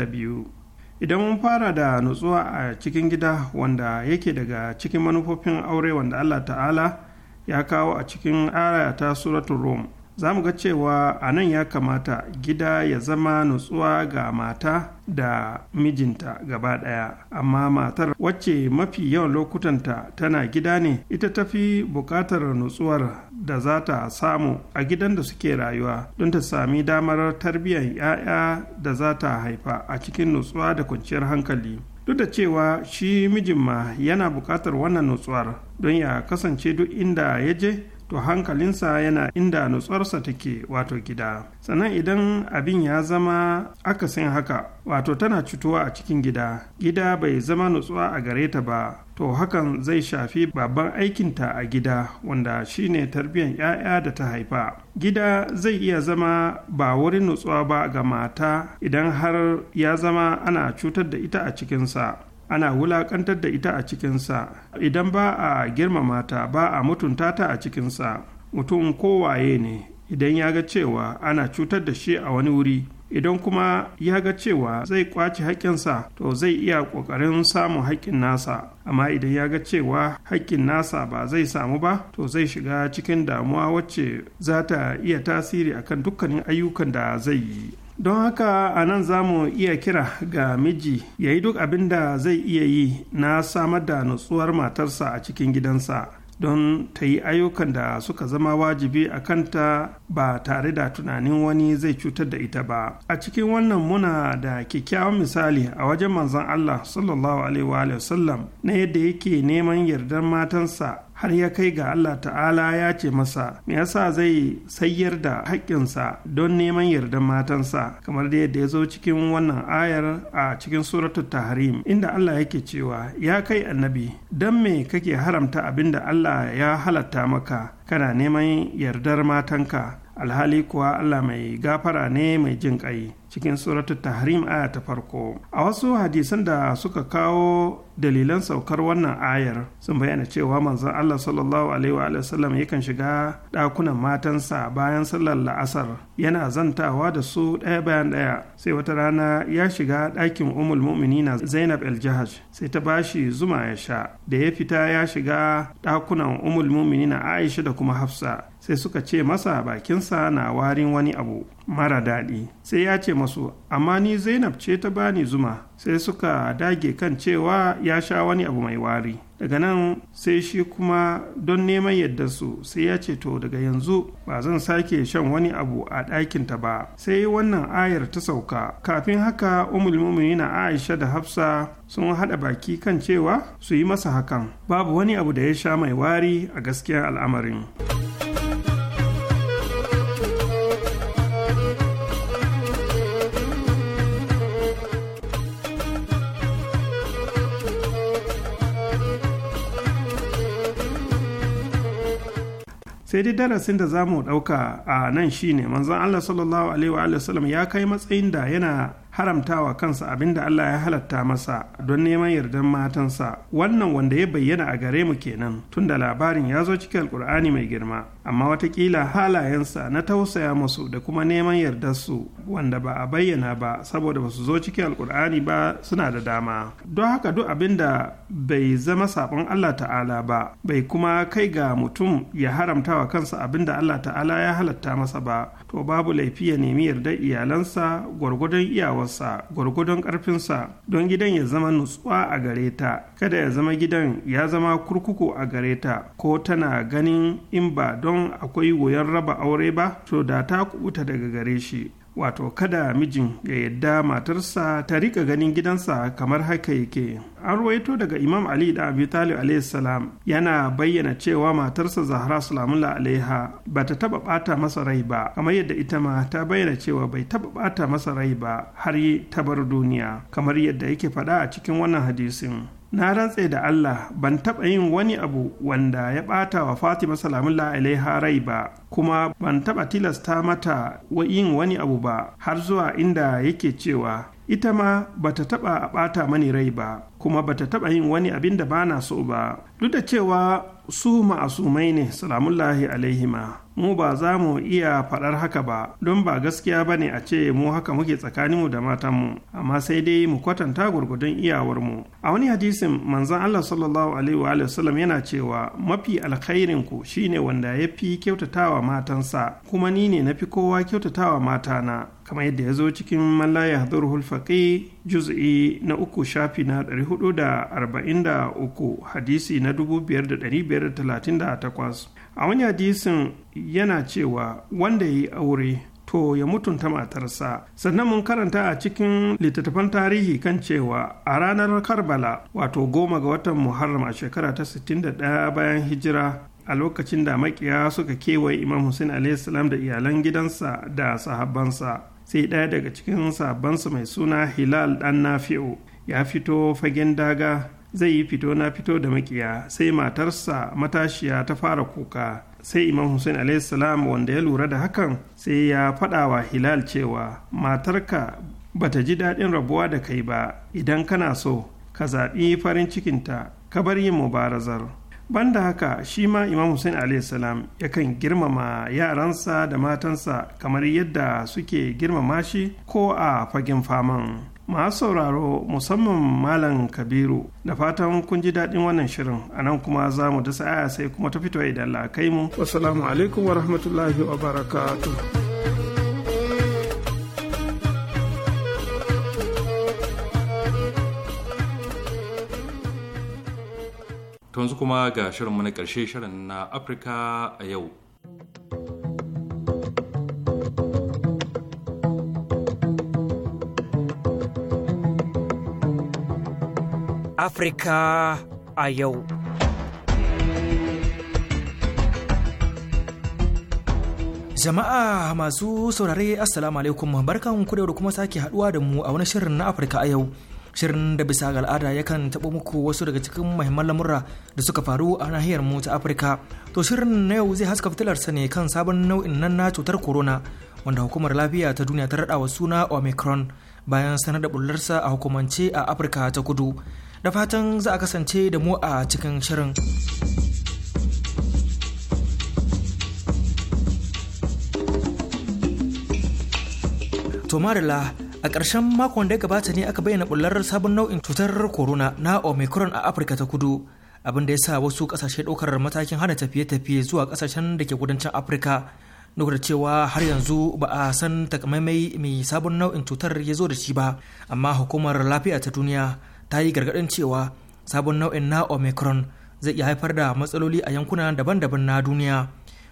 I: biyu. idan mun fara da nutsuwa a cikin gida wanda yake daga cikin manufofin aure wanda allah ta'ala ya kawo a cikin aya ta suratul rum za mu ga cewa a nan ya kamata gida ya zama nutsuwa ga mata da mijinta gaba ɗaya amma matar wacce mafi yawan lokutanta tana gida ne ita tafi buƙatar nutsuwar da za ta samu a gidan da suke rayuwa don ta sami damar tarbiyyar 'ya'ya da za ta haifa a cikin nutsuwa da kwanciyar hankali duk da cewa shi mijin ma yana buƙatar wannan nutsuwar don ya kasance duk inda ya je to hankalinsa yana inda nutsuwarsa take wato gida sannan idan abin ya zama akasin haka wato tana cutuwa a cikin gida gida bai zama nutsuwa a gare ta ba to hakan zai shafi babban aikinta a gida wanda shine tarbiyyar 'ya'ya da ta haifa gida zai iya zama ba wurin nutsuwa ba ga mata idan har ya zama ana cutar da ita a cikinsa ana wulaƙantar da ita a cikinsa idan ba a girmama ta ba a mutunta ta a cikinsa mutum kowaye ne idan ya ga cewa ana cutar da shi a wani wuri idan kuma ya ga cewa zai kwace haƙƙinsa to zai iya ƙoƙarin samun haƙƙin nasa amma idan ya ga cewa haƙƙin nasa ba zai samu ba to zai shiga cikin damuwa wacce za ta iya tasiri akan dukkanin ayyukan da zai yi don haka a nan za mu iya kira ga miji ya yi duk abin da zai iya yi na samar da nutsuwar matarsa a cikin gidansa don ta yi ayyukan da suka zama wajibi a kanta ba tare da tunanin wani zai cutar da ita ba a cikin wannan muna da kyakkyawan misali a wajen manzon Allah sallallahu alaihi wa na yadda yake neman yardar matansa har ya kai ga Allah ta'ala ya ce masa me yasa zai sayar da haƙƙinsa don neman yardan matansa kamar da yadda ya zo cikin wannan ayar a cikin suratu tahrim inda Allah yake cewa ya kai annabi don me kake haramta abin da Allah ya halatta maka kana neman yardar matanka alhali kuwa Allah mai gafara ne mai jin ƙai cikin suratu tahrim aya ta farko a wasu hadisan da suka kawo dalilan saukar wannan ayar sun bayyana cewa manzon Allah sallallahu alaihi wa sallam yakan shiga ɗakunan matansa bayan sallar la'asar yana zantawa da su ɗaya bayan ɗaya sai wata rana ya shiga ɗakin umul mu'minina Zainab al Jahaj sai ta bashi zuma ya sha da ya fita ya shiga ɗakunan umul mu'minina Aisha da kuma Hafsa sai suka ce masa bakinsa na warin wani abu mara daɗi sai ya ce masu amma ni zainab ce ta bani zuma sai suka dage kan cewa ya sha wani abu mai wari daga nan sai shi kuma don neman yadda su sai ya ce to daga yanzu ba zan sake shan wani abu a ɗakinta ba sai wannan ayar ta sauka kafin haka umul na aisha da hafsa sun haɗa baki kan cewa su yi masa hakan babu wani abu da ya sha mai wari a gaskiyar al'amarin. sai dai darasin da za mu ɗauka a nan shi ne manzon Allah sallallahu alaihi wa ya kai matsayin da yana haramtawa kansa abin da Allah ya halatta masa don neman yardan matansa wannan wanda ya bayyana a gare mu kenan tunda labarin ya zo cikin alkur'ani mai girma amma watakila halayensa na tausaya musu da kuma neman yardar su wanda ba a bayyana ba saboda ba su zo cikin alkur'ani ba suna da dama don haka duk abin da bai zama sabon Allah ta'ala ba bai kuma kai ga mutum ya haramta wa kansa abin da Allah ta'ala ya halatta masa ba to babu laifi ya nemi yarda iyalansa gwargwadon iyawarsa gwargwadon karfinsa don gidan ya zama nutsuwa a gare ta kada ya zama gidan ya zama kurkuku a gare ta ko tana ganin in ba don akwai goyon raba aure ba to da ta kubuta daga gare shi wato kada mijin ya yadda matarsa ta rika ganin gidansa kamar haka yake an ruwaito daga imam ali da abi talib salam yana bayyana cewa matarsa zahra salamullah alaiha ba ta taba bata masa rai ba kamar yadda ita ma ta bayyana cewa bai taba bata masa rai ba har ta bar duniya kamar yadda yake faɗa a cikin wannan hadisin na rantse da Allah ban taɓa yin wani abu wanda ya ɓata wa Fatima salamullah alaiha rai ba kuma ban taɓa tilasta mata yin wani abu ba har zuwa inda yake cewa ita ma bata taɓa a ɓata mani rai ba kuma bata taɓa yin wani abin da bana so ba duk da cewa su ma'asumai ne salamullahi alaihima mu ba za mu iya faɗar haka ba don ba gaskiya ba ne a ce mu haka muke tsakaninmu da matanmu amma sai dai mu kwatanta gwargwadon iyawarmu a wani hadisin manzon Allah sallallahu alaihi wa sallam yana cewa mafi alkhairin ku shine wanda ya fi kyautatawa matansa kuma ni ne na fi kowa kyautatawa na. kamar yadda ya zo cikin mallaya hadurhul faqi juz'i na uku shafi na 443 hadisi na 2538 a wani hadisin yana cewa wanda ya yi aure to ya mutunta matarsa sannan mun karanta a cikin littattafan tarihi kan cewa a ranar karbala wato goma ga watan muharram a shekara ta 61 bayan hijira a lokacin da makiya suka kewaye imam hussein salam da iyalan gidansa da sahabbansa sai ɗaya daga cikin sahabbansa mai suna hilal ɗan nafi'u ya fito fagen daga zai yi fito na fito da makiya sai matarsa matashiya ta fara kuka sai imam hussein salam wanda ya lura da hakan sai ya faɗa wa hilal cewa matarka bata ji daɗin rabuwa da kai ba idan kana so ka zaɓi farin cikinta ka bar yin mubarazar banda haka shi ma imam hussein salam yakan girmama yaransa da matansa kamar yadda suke girmama shi ko a fagen faman masu sauraro musamman malam kabiru da fatan kun ji daɗin wannan shirin a nan kuma za mu dasa aya sai kuma ta fito idan la kai mu wasalamu alaikum wa rahmatullahi wa barakatuh
A: yanzu kuma ga shirinmu na karshe shirin na afirka a yau
B: Afirka a yau. Jama'a masu saurare Assalamu alaikum barkan ku da kuma sake haduwa da mu a wani shirin na Afirka a yau. Shirin da bisa ga al'ada yakan taɓa muku wasu daga cikin muhimman lamura da suka faru a nahiyar mu ta Afirka. To shirin na yau zai haska fitilarsa ne kan sabon nau'in nan na cutar corona wanda hukumar lafiya ta duniya ta raɗa wa suna Omicron bayan sanar da bullarsa a hukumance a Afirka ta kudu. da fatan za a kasance da mu a cikin shirin. To a ƙarshen makon da ya gabata ne aka bayyana bullar sabon nau'in cutar corona na Omicron a Afirka ta kudu. abin da ya sa wasu ƙasashe ɗaukar matakin hana tafiye-tafiye zuwa kasashen da ke kudancin afirka duk da cewa har yanzu ba a san takamaimai mai sabon nau'in cutar ya zo da shi ba amma hukumar lafiya ta duniya ta yi gargaɗin cewa sabon nau'in na omicron zai iya haifar da matsaloli a yankuna daban-daban na duniya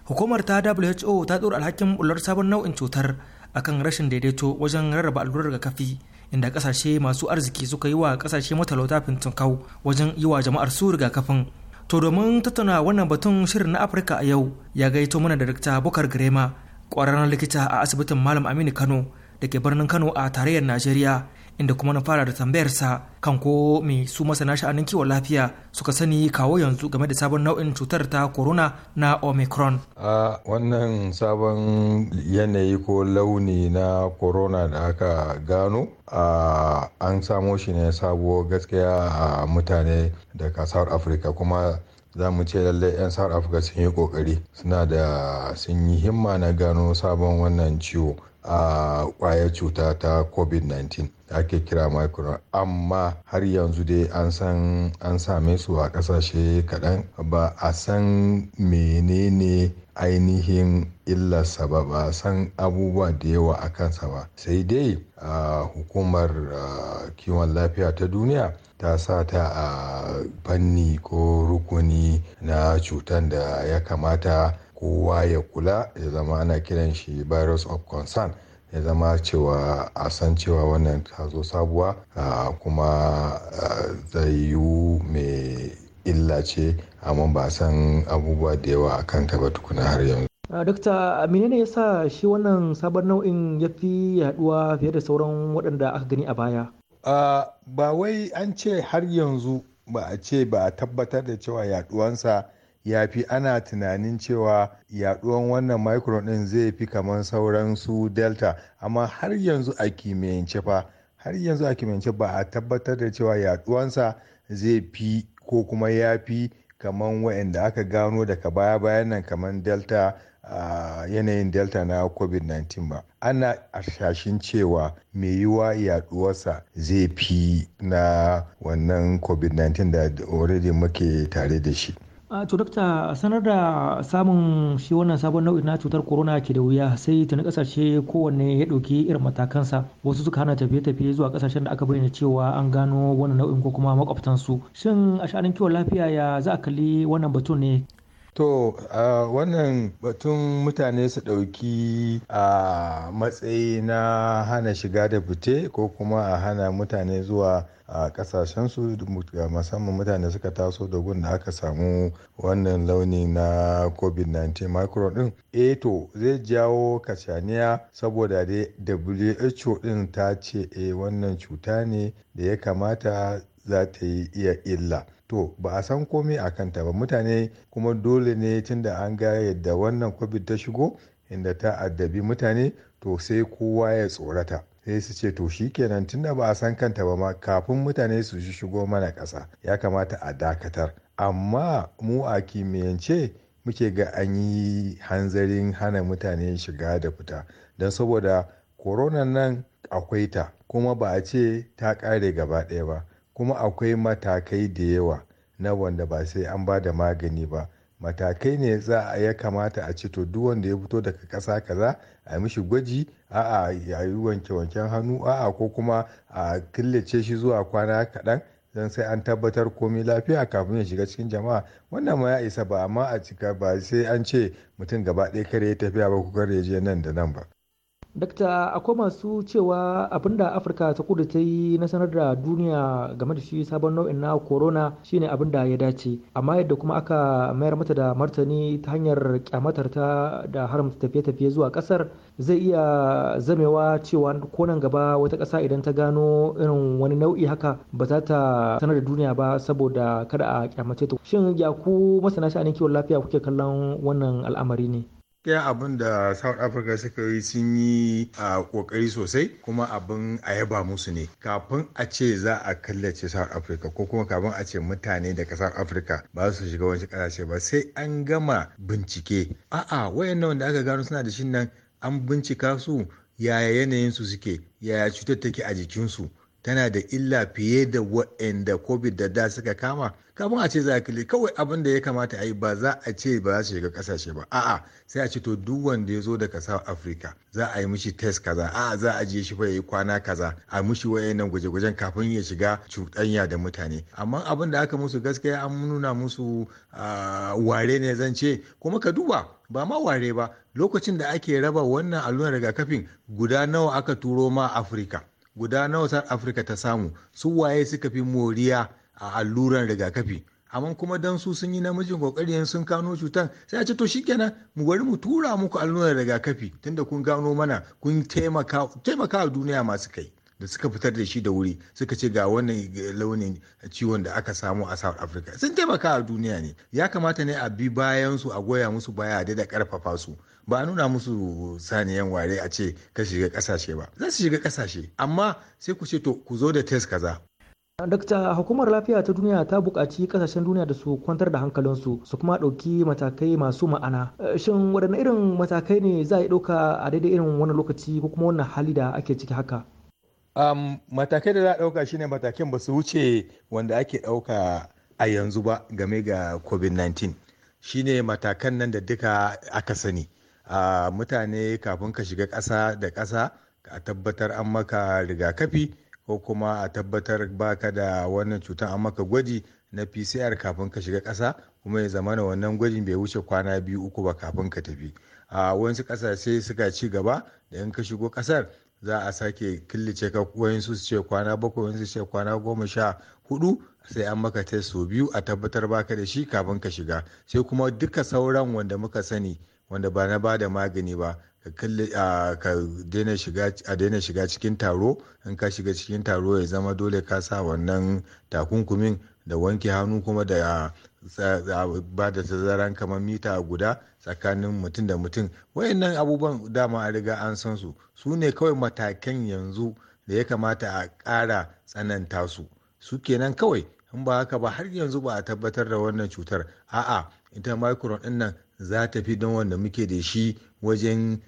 B: hukumar ta who ta tsoro alhakin bular sabon nau'in cutar akan rashin daidaito wajen rarraba allurar rigakafi inda kasashe masu arziki suka yi wa kasashe matalauta fintinkau wajen yi wa jama'ar su rigakafin to domin tattauna wannan batun shirin na afirka a yau ya gaito mana da dakta bukar grema ƙwararren likita a asibitin malam aminu kano da ke birnin kano a tarayyar najeriya inda kuma na fara da tambayarsa kan ko me su masana sha'anin kiwon lafiya suka sani kawo yanzu game da sabon nau'in cutar ta corona na omicron.
J: a wannan sabon yanayi ko launi na corona da aka gano a an samo shi ne sabuwar gaskiya a mutane da kasar africa kuma za mu ce lallai 'yan south africa sun yi kokari suna da sun yi himma na gano sabon wannan ciwo a kwayar cuta ta covid-19 ake kira micro. amma har yanzu dai an san an same su a ƙasashe kaɗan ba a san menene ainihin illarsa ba ba san abubuwa da yawa a kansa ba sai dai a hukumar kiwon lafiya ta duniya ta sa ta a fanni ko rukuni na cutan da ya kamata kowa ya kula ya zama ana kiran shi virus of concern ya zama cewa a san cewa wannan ta zo sabuwa kuma zai yiwu mai illa ce amma ba san abubuwa da yawa a ta ba tukuna har yanzu.
B: Dokta ne ya sa shi wannan sabon nau'in ya fi yaduwa fiye da sauran waɗanda aka gani a baya?
J: ba wai an ce har yanzu ba a ce ba a tabbatar da cewa yaduwansa ya fi ana tunanin cewa yaduwan wannan micro din zai fi kamar sauran su delta amma har yanzu a kimiyyance fa har yanzu a kimiyyance ba a tabbatar da cewa yaduwansa zai fi ko kuma ya fi kamar waɗanda aka gano daga baya-bayan nan kamar delta a yanayin delta na covid-19 ba ana ashashin cewa mai yiwa yaduwarsa zai fi na wannan covid-19 da already muke tare da shi
B: Ah, to dokta sanar da samun shi wannan sabon nau'in na cutar corona ke da wuya sai tuni kasashe kowanne ya ɗauki irin matakansa wasu suka hana tafiye-tafiye zuwa kasashen da aka bayyana cewa an gano wannan nau'in ko kuma makwabtansu shin a sha'anin kiwon lafiya ya za a kalli wannan
J: batun ne To a wannan batun mutane su ɗauki a matsayi na hana shiga da fite ko kuma a hana mutane zuwa a kasashensu musamman mutane suka taso da gun da aka samu wannan launi na covid-19 micro din eh to zai jawo kashaniya saboda dai who din ta ce a eh, wannan cuta ne da ya kamata za ta yi iya illa to ba a san komai a kanta ba mutane kuma dole ne tunda an ga yadda wannan covid ta shigo inda ta addabi mutane to sai kowa ya tsorata sai su ce to shi kenan tunda ba a san kanta ba ma kafin mutane su shigo mana ƙasa ya kamata a dakatar amma mu a kimiyyance muke ga an yi hanzarin hana mutane shiga da fita don saboda koronan nan akwai ta kuma ba a ce ta ƙare gaba ɗaya ba kuma akwai matakai da yawa na wanda ba sai an ba da magani ba matakai ne za a ya kamata a ce to duk wanda ya fito daga ƙasa kaza a mishi gwaji a a yi wanke wanken hannu a a ko kuma a killace shi zuwa kwana kaɗan don sai an tabbatar komai lafiya kafin ya shiga cikin jama'a wannan ma ya isa ba amma a cika ba sai an ce mutum gaba ɗaya kare ya tafiya ba ko kare ya je nan da nan ba
B: dakta akwai masu cewa abinda afirka ta kudu ta yi na sanar da duniya game da shi sabon nau'in na corona shine abin da ya dace amma yadda kuma aka mayar mata da martani ta hanyar kyamatar ta da haramta tafiye-tafiye zuwa kasar zai iya zamewa cewa ko nan gaba wata kasa idan ta gano irin wani nau'i haka ba za ta sanar da duniya ba saboda kada a kyamace ta shin ya ku masana sha'anin kiwon lafiya kuke kallon wannan al'amari ne
J: gaskiya abin da south africa suka yi sun yi a kokari sosai kuma abin a yaba musu ne kafin a ce za a kallace south africa ko kuma kafin a ce mutane daga south africa ba su shiga wani kasashe ba sai an gama bincike a'a nan da aka gano suna da shin nan an bincika su yaya yanayin su suke yaya cutar take a jikinsu tana da illa fiye da waɗanda covid da da suka kama kafin a ce za a kili, kawai abin da ya kamata a yi ba za a ce ba za su shiga kasashe ba a'a sai a ce to duk wanda ya zo daga south africa za a yi mishi test kaza a'a za a je shi fa yi kwana kaza a mishi nan gwaje-gwajen kafin ya shiga cuɗanya da mutane amma abin da aka musu gaskiya an nuna musu ware ne zan ce kuma ka duba ba ma ware ba lokacin da ake raba wannan allurar rigakafin guda nawa aka turo ma afirka guda nawa south africa ta samu su waye suka fi moriya a alluran rigakafi amma kuma dan su sun yi namijin kokari sun kano cutar sai a ce to shikenan mu bari mu tura muku alluran rigakafi tunda kun gano mana kun taimaka taimaka duniya masu kai da suka fitar da shi da wuri suka ce ga wannan launin ciwon da aka samu a south africa sun taimaka a duniya ne ya kamata ne a bi bayan su a goya musu baya da karfafa su ba nuna musu saniyan ware a ce ka shiga kasashe ba za su shiga kasashe amma sai ku ce to ku zo da test kaza
B: Dakta hukumar lafiya ta duniya ta buƙaci ƙasashen duniya da su kwantar da hankalinsu su kuma ɗauki matakai masu ma'ana. Eh, shin waɗanne irin matakai ne za a ɗauka a daidai irin wani lokaci ko kuma wannan hali da ake ciki haka?
J: Um, matakai da za a ɗauka shine matakin ba su wuce wanda ake ɗauka a yanzu ba game ga COVID-19. Shine matakan nan da duka aka sani. a mutane kafin ka shiga ƙasa da ƙasa a tabbatar an maka rigakafi ko kuma a tabbatar baka da wannan cutar an maka gwaji na pcr kafin ka shiga ƙasa kuma ya zamana wannan gwajin bai wuce kwana biyu uku ba kafin ka tafi a wasu ƙasashe suka ci gaba da in ka shigo ƙasar za a sake killace ka wayansu su ce kwana bakwai wayansu su ce kwana goma sha hudu sai an maka test sau biyu a tabbatar baka da shi kafin ka shiga sai kuma duka sauran wanda muka sani wanda ba na bada magani ba ka daina a daina shiga cikin taro in ka shiga cikin taro ya zama dole ka sa wannan takunkumin da wanke hannu kuma da ba da tazaran kamar mita guda tsakanin mutum da mutum wayannan abubuwan dama a riga an san su su ne kawai matakan yanzu da ya kamata a ƙara tsananta su su kenan kawai in ba haka ba har yanzu ba a tabbatar da wannan cutar a'a ita micron din nan za ta fi don wanda muke da shi wajen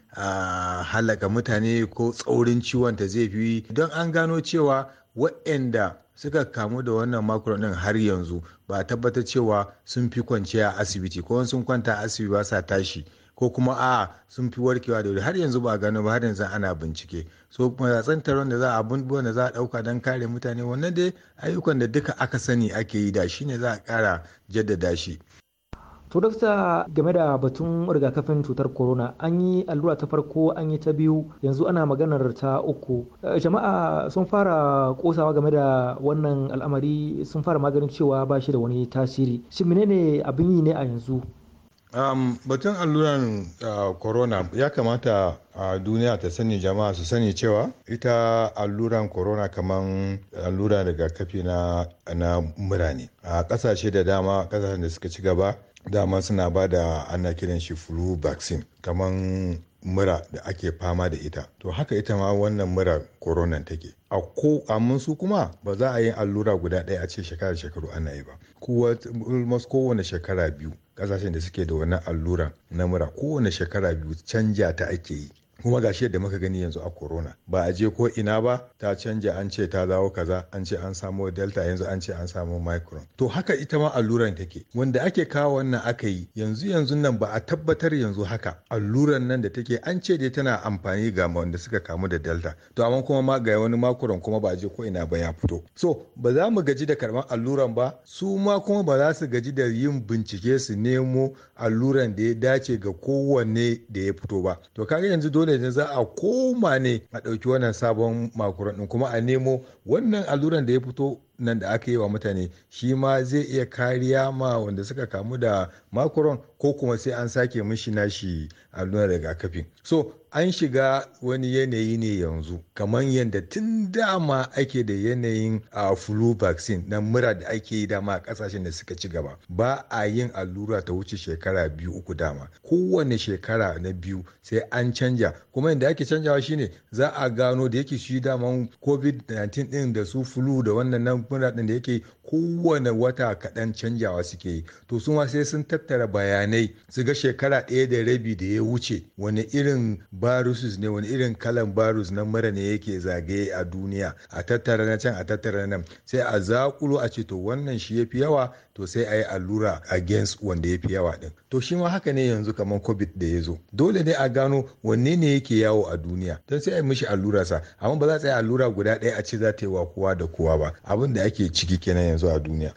J: halaka mutane ko tsaurin ciwon ta zai fi don an gano cewa waɗanda suka kamu da wannan makro ɗin har yanzu ba tabbatar cewa sun fi kwanciya a asibiti ko sun kwanta a asibiti ba sa tashi ko kuma a sun fi warkewa da wuri har yanzu ba gano ba har yanzu ana bincike so matsantar wanda da za a abubuwan da za a ɗauka don kare mutane wannan dai ayyukan da duka aka sani ake yi da shine za a ƙara jaddada shi
B: to dokta game da batun rigakafin cutar corona an yi allura ta farko an yi ta biyu yanzu ana maganar ta uku eh, jama'a sun fara kosawa game da wannan al'amari sun fara maganin cewa ba shi da wani tasiri shin menene abin yi ne a yanzu
J: um, batun alluran uh, corona ya kamata a uh, duniya ta sani jama'a su sani cewa ita alluran corona kamar alluran rigakafi na, na murane a uh, kasashe da dama kasashen da suka ci gaba dama suna ba da ana kiran shi flu vaccine kaman mura da ake fama da ita to haka ita ma wannan mura koronan take a ko amma su kuma ba za a yi allura guda ɗaya a ce shekara shekaru ana yi ba kuwa almost kowane shekara biyu ƙasashen da suke da wannan allura na mura kowane shekara biyu canja ta ake yi kuma gashi yadda muka gani yanzu a corona ba a je ko ina ba ta canja an ce ta dawo kaza an ce an samu delta yanzu an ce an samu micron to haka ita ma alluran take wanda ake kawo wannan aka yi yanzu yanzu nan ba a tabbatar yanzu haka alluran nan da take an ce dai tana amfani ga wanda suka kamu da delta to amma kuma ma ga wani makuran kuma ba a je ko ina ba ya fito so ba za mu gaji da karban alluran ba su ma kuma ba za su gaji da yin bincike su nemo alluran da ya dace ga kowanne da ya fito ba to kaga yanzu dole dole ne za a koma ne a ɗauki wannan sabon makurannin kuma a nemo wannan alluran da ya fito nan da aka yi wa mutane shi ma zai iya kariya ma wanda suka kamu da makuron ko kuma sai an sake mishi nashi allurar rigakafi so an shiga wani yanayi ne yanzu kamar yadda tun dama ake da yanayin a flu vaccine na mura da ake yi dama a kasashen da suka ci gaba ba a yin allura ta wuce shekara biyu uku dama kowane shekara na biyu sai an canja kuma yadda ake canjawa shine za a gano da yake shi daman covid-19 din da su flu da wannan nan muna da yake kowane wata kaɗan canjawa suke yi to su sai sun tattara bayanai su ga shekara ɗaya da rabi da ya wuce wani irin barus ne wani irin kalan barus na mara ne yake zagaye a duniya a tattara na can a tattara nan sai a zakulo a ce to wannan shi ya fi yawa to sai a yi allura against wanda ya fi yawa ɗin, to shi ma haka ne yanzu kamar covid da ya zo dole ne a gano wanne ne yake yawo a duniya don sai a yi mishi allura sa amma ba za a yi allura guda ɗaya a ce za ta yi wa kowa da kowa ba abin da ake ciki kenan yanzu yanzu a duniya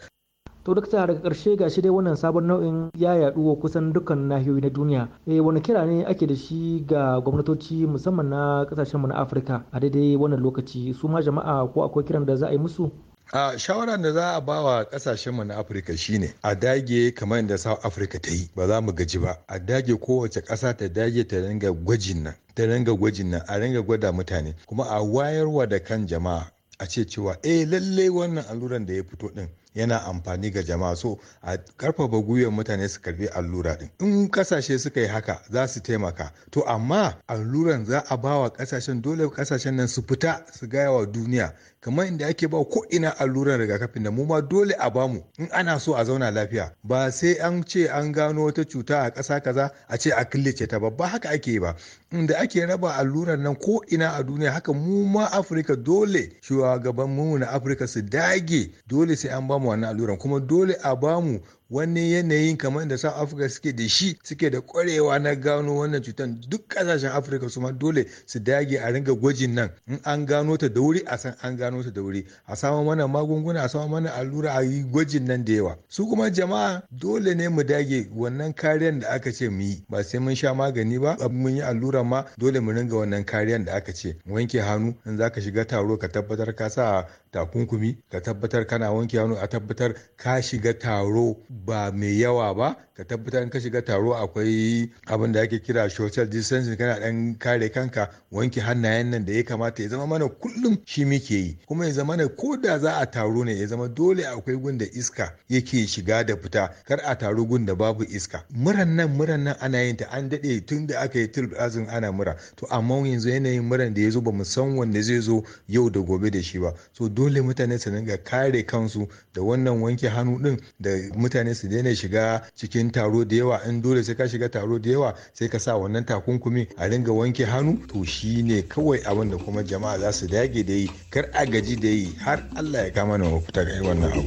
B: to a daga karshe ga shi dai wannan sabon nau'in ya yaɗu wa kusan dukkan nahiyoyi na duniya eh wani kira ne ake da shi ga gwamnatoci musamman na kasashen mu na afirka a daidai wannan lokaci su ma jama'a ko akwai kiran da za a yi musu
J: a shawara da za a ba wa mu na afirka shine a dage kamar yadda sa afirka ta yi ba za mu gaji ba a dage kowace kasa ta dage ta ringa gwajin nan ta ringa gwajin nan a ringa gwada mutane kuma a wayarwa da kan jama'a a ce cewa eh lallai wannan alluran da ya fito din yana amfani ga jama'a so a karfafa gwiwar mutane su karbi allura din in kasashe suka yi haka za su taimaka to amma alluran za a bawa kasashen dole kasashen nan su fita su gaya wa duniya kamar inda ake ba ko ina alluran rigakafin da mu ma dole a bamu in ana so a zauna lafiya ba sai an ce an gano wata cuta a ƙasa kaza a ce a killace ta babba haka ake ba inda ake raba alluran nan ko ina a duniya haka mu ma afirka dole shugaban mu na afirka su dage dole sai an bamu wannan alluran kuma dole a bamu wani yanayin kamar da South afirka suke da shi suke da kwarewa na gano wannan cutar duk kasashen Afirka su ma dole su dage a ringa gwajin nan in an gano ta da wuri a san an gano ta da wuri a samu mana magunguna a samu mana allura a yi gwajin nan da yawa su kuma jama'a dole ne mu dage wannan kariyar da aka ce mu yi ba sai mun sha magani ba mun yi allura ma dole mu ringa wannan kariyar da aka ce mu wanke hannu in zaka shiga taro ka tabbatar ka sa takunkumi ka tabbatar kana wanke hannu a tabbatar ka shiga taro ba mai yawa ba ka tabbatar ka shiga taro akwai abin da ake kira social distancing kana dan kare kanka wanke hannayen nan da ya kamata ya zama mana kullum shi muke yi kuma ya zama ko da za a taro ne ya zama dole akwai gun da iska yake shiga da fita kar a taro gun da babu iska muran nan muran nan ana yin ta an dade tun da aka yi tilbazin ana mura to amma yanzu yanayin muran da ya zo ba mu san wanda zai zo yau da gobe da shi ba so dole mutane su dinga kare kansu da wannan wanke hannu din da mutane su daina shiga cikin taro da yawa in dole sai ka shiga taro da yawa sai ka sa wannan takunkumi a dinga wanke hannu to shine kawai abin da kuma jama'a za su dage da yi kar a gaji da yi har Allah ya kama na wakuta ga wannan abu.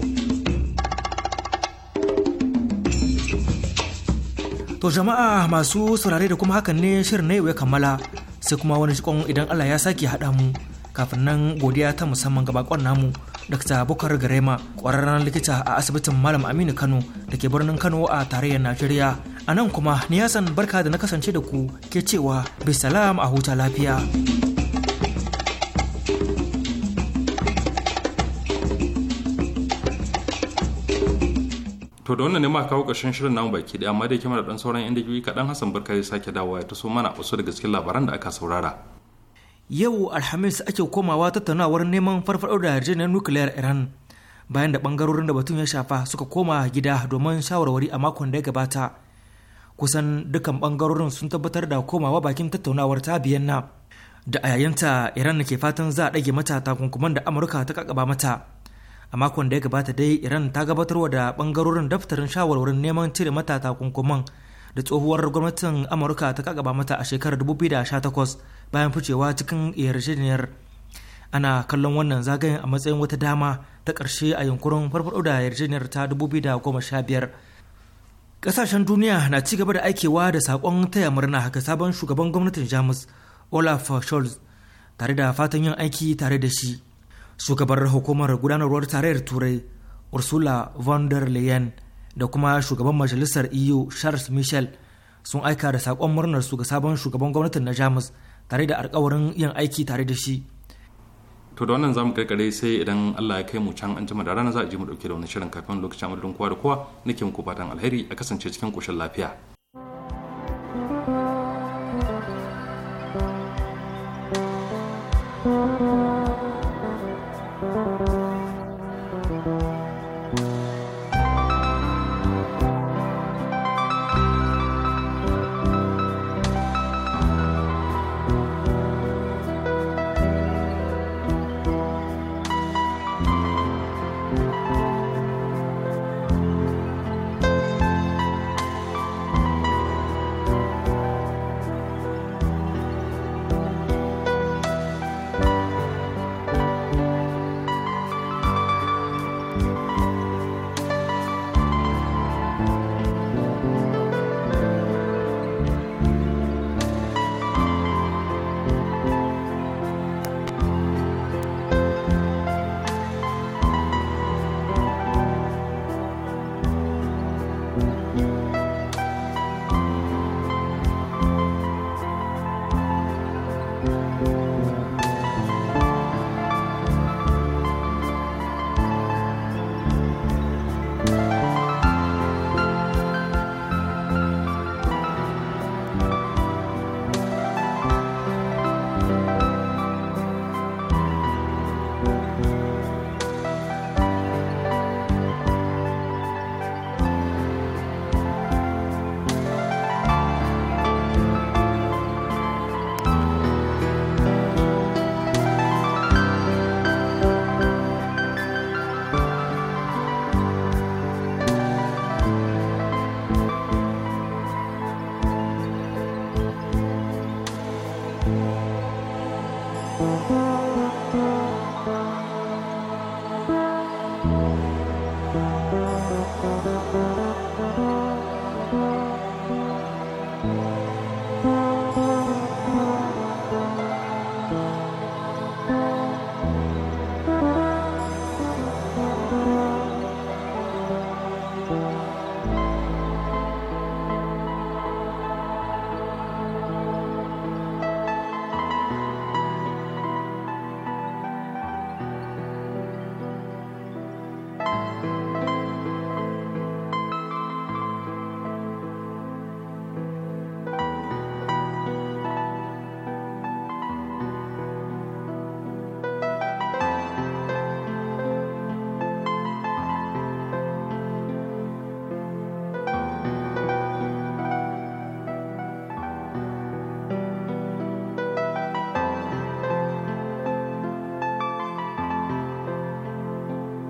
B: To jama'a masu saurare da kuma hakan ne shirin na yau ya kammala sai kuma wani shikon idan Allah ya sake haɗa mu. kafin nan godiya ta musamman ga bakon namu dr bukar garema kwararren likita a asibitin malam aminu kano da ke birnin kano a tarayyar najeriya a nan kuma niyasan barka da na kasance da ku ke cewa bisalam a huta
A: lafiya to da wannan ne ma kawo ƙarshen shirin namu baki da amma dai kimar da dan sauran yan dajiyoyi kaɗan hassan barka ya sake dawowa ya taso mana wasu daga cikin labaran da aka saurara
B: yau alhamis ake komawa tattaunawar neman farfaɗo da yarjejeniyar nukiliyar iran bayan da ɓangarorin da batun ya shafa suka koma gida domin shawarwari a makon da ya gabata kusan dukkan ɓangarorin sun tabbatar da komawa bakin tattaunawar ta biyanna da a yayinta iran ke fatan za a ɗage mata takunkuman da amurka ta kakaba mata a makon da ya gabata dai iran ta gabatarwa da ɓangarorin daftarin shawarwarin neman cire mata takunkuman da tsohuwar gwamnatin amurka ta kagaba mata a shekarar 2018 bayan ficewa cikin yarjejeniyar ana kallon wannan zagayen a matsayin wata dama ta ƙarshe a yunkurin farfaɗo da yarjejeniyar ta 2015 ƙasashen duniya na ci gaba da aikewa da saƙon taya murna ga sabon shugaban gwamnatin jamus olaf scholz tare da fatan yin aiki tare da shi shugabar hukumar gudanarwar tarayyar turai ursula von der leyen da kuma shugaban majalisar EU Charles Michel sun aika da sakon murnar su ga sabon shugaban gwamnatin na Jamus tare da alkawarin yin aiki tare da shi.
A: To da wannan zamu karkare sai idan Allah ya kai mu can an jima da rana za a je mu dauke da wani shirin kafin lokacin amurdin kowa da kowa nake muku fatan alheri a kasance cikin koshin lafiya.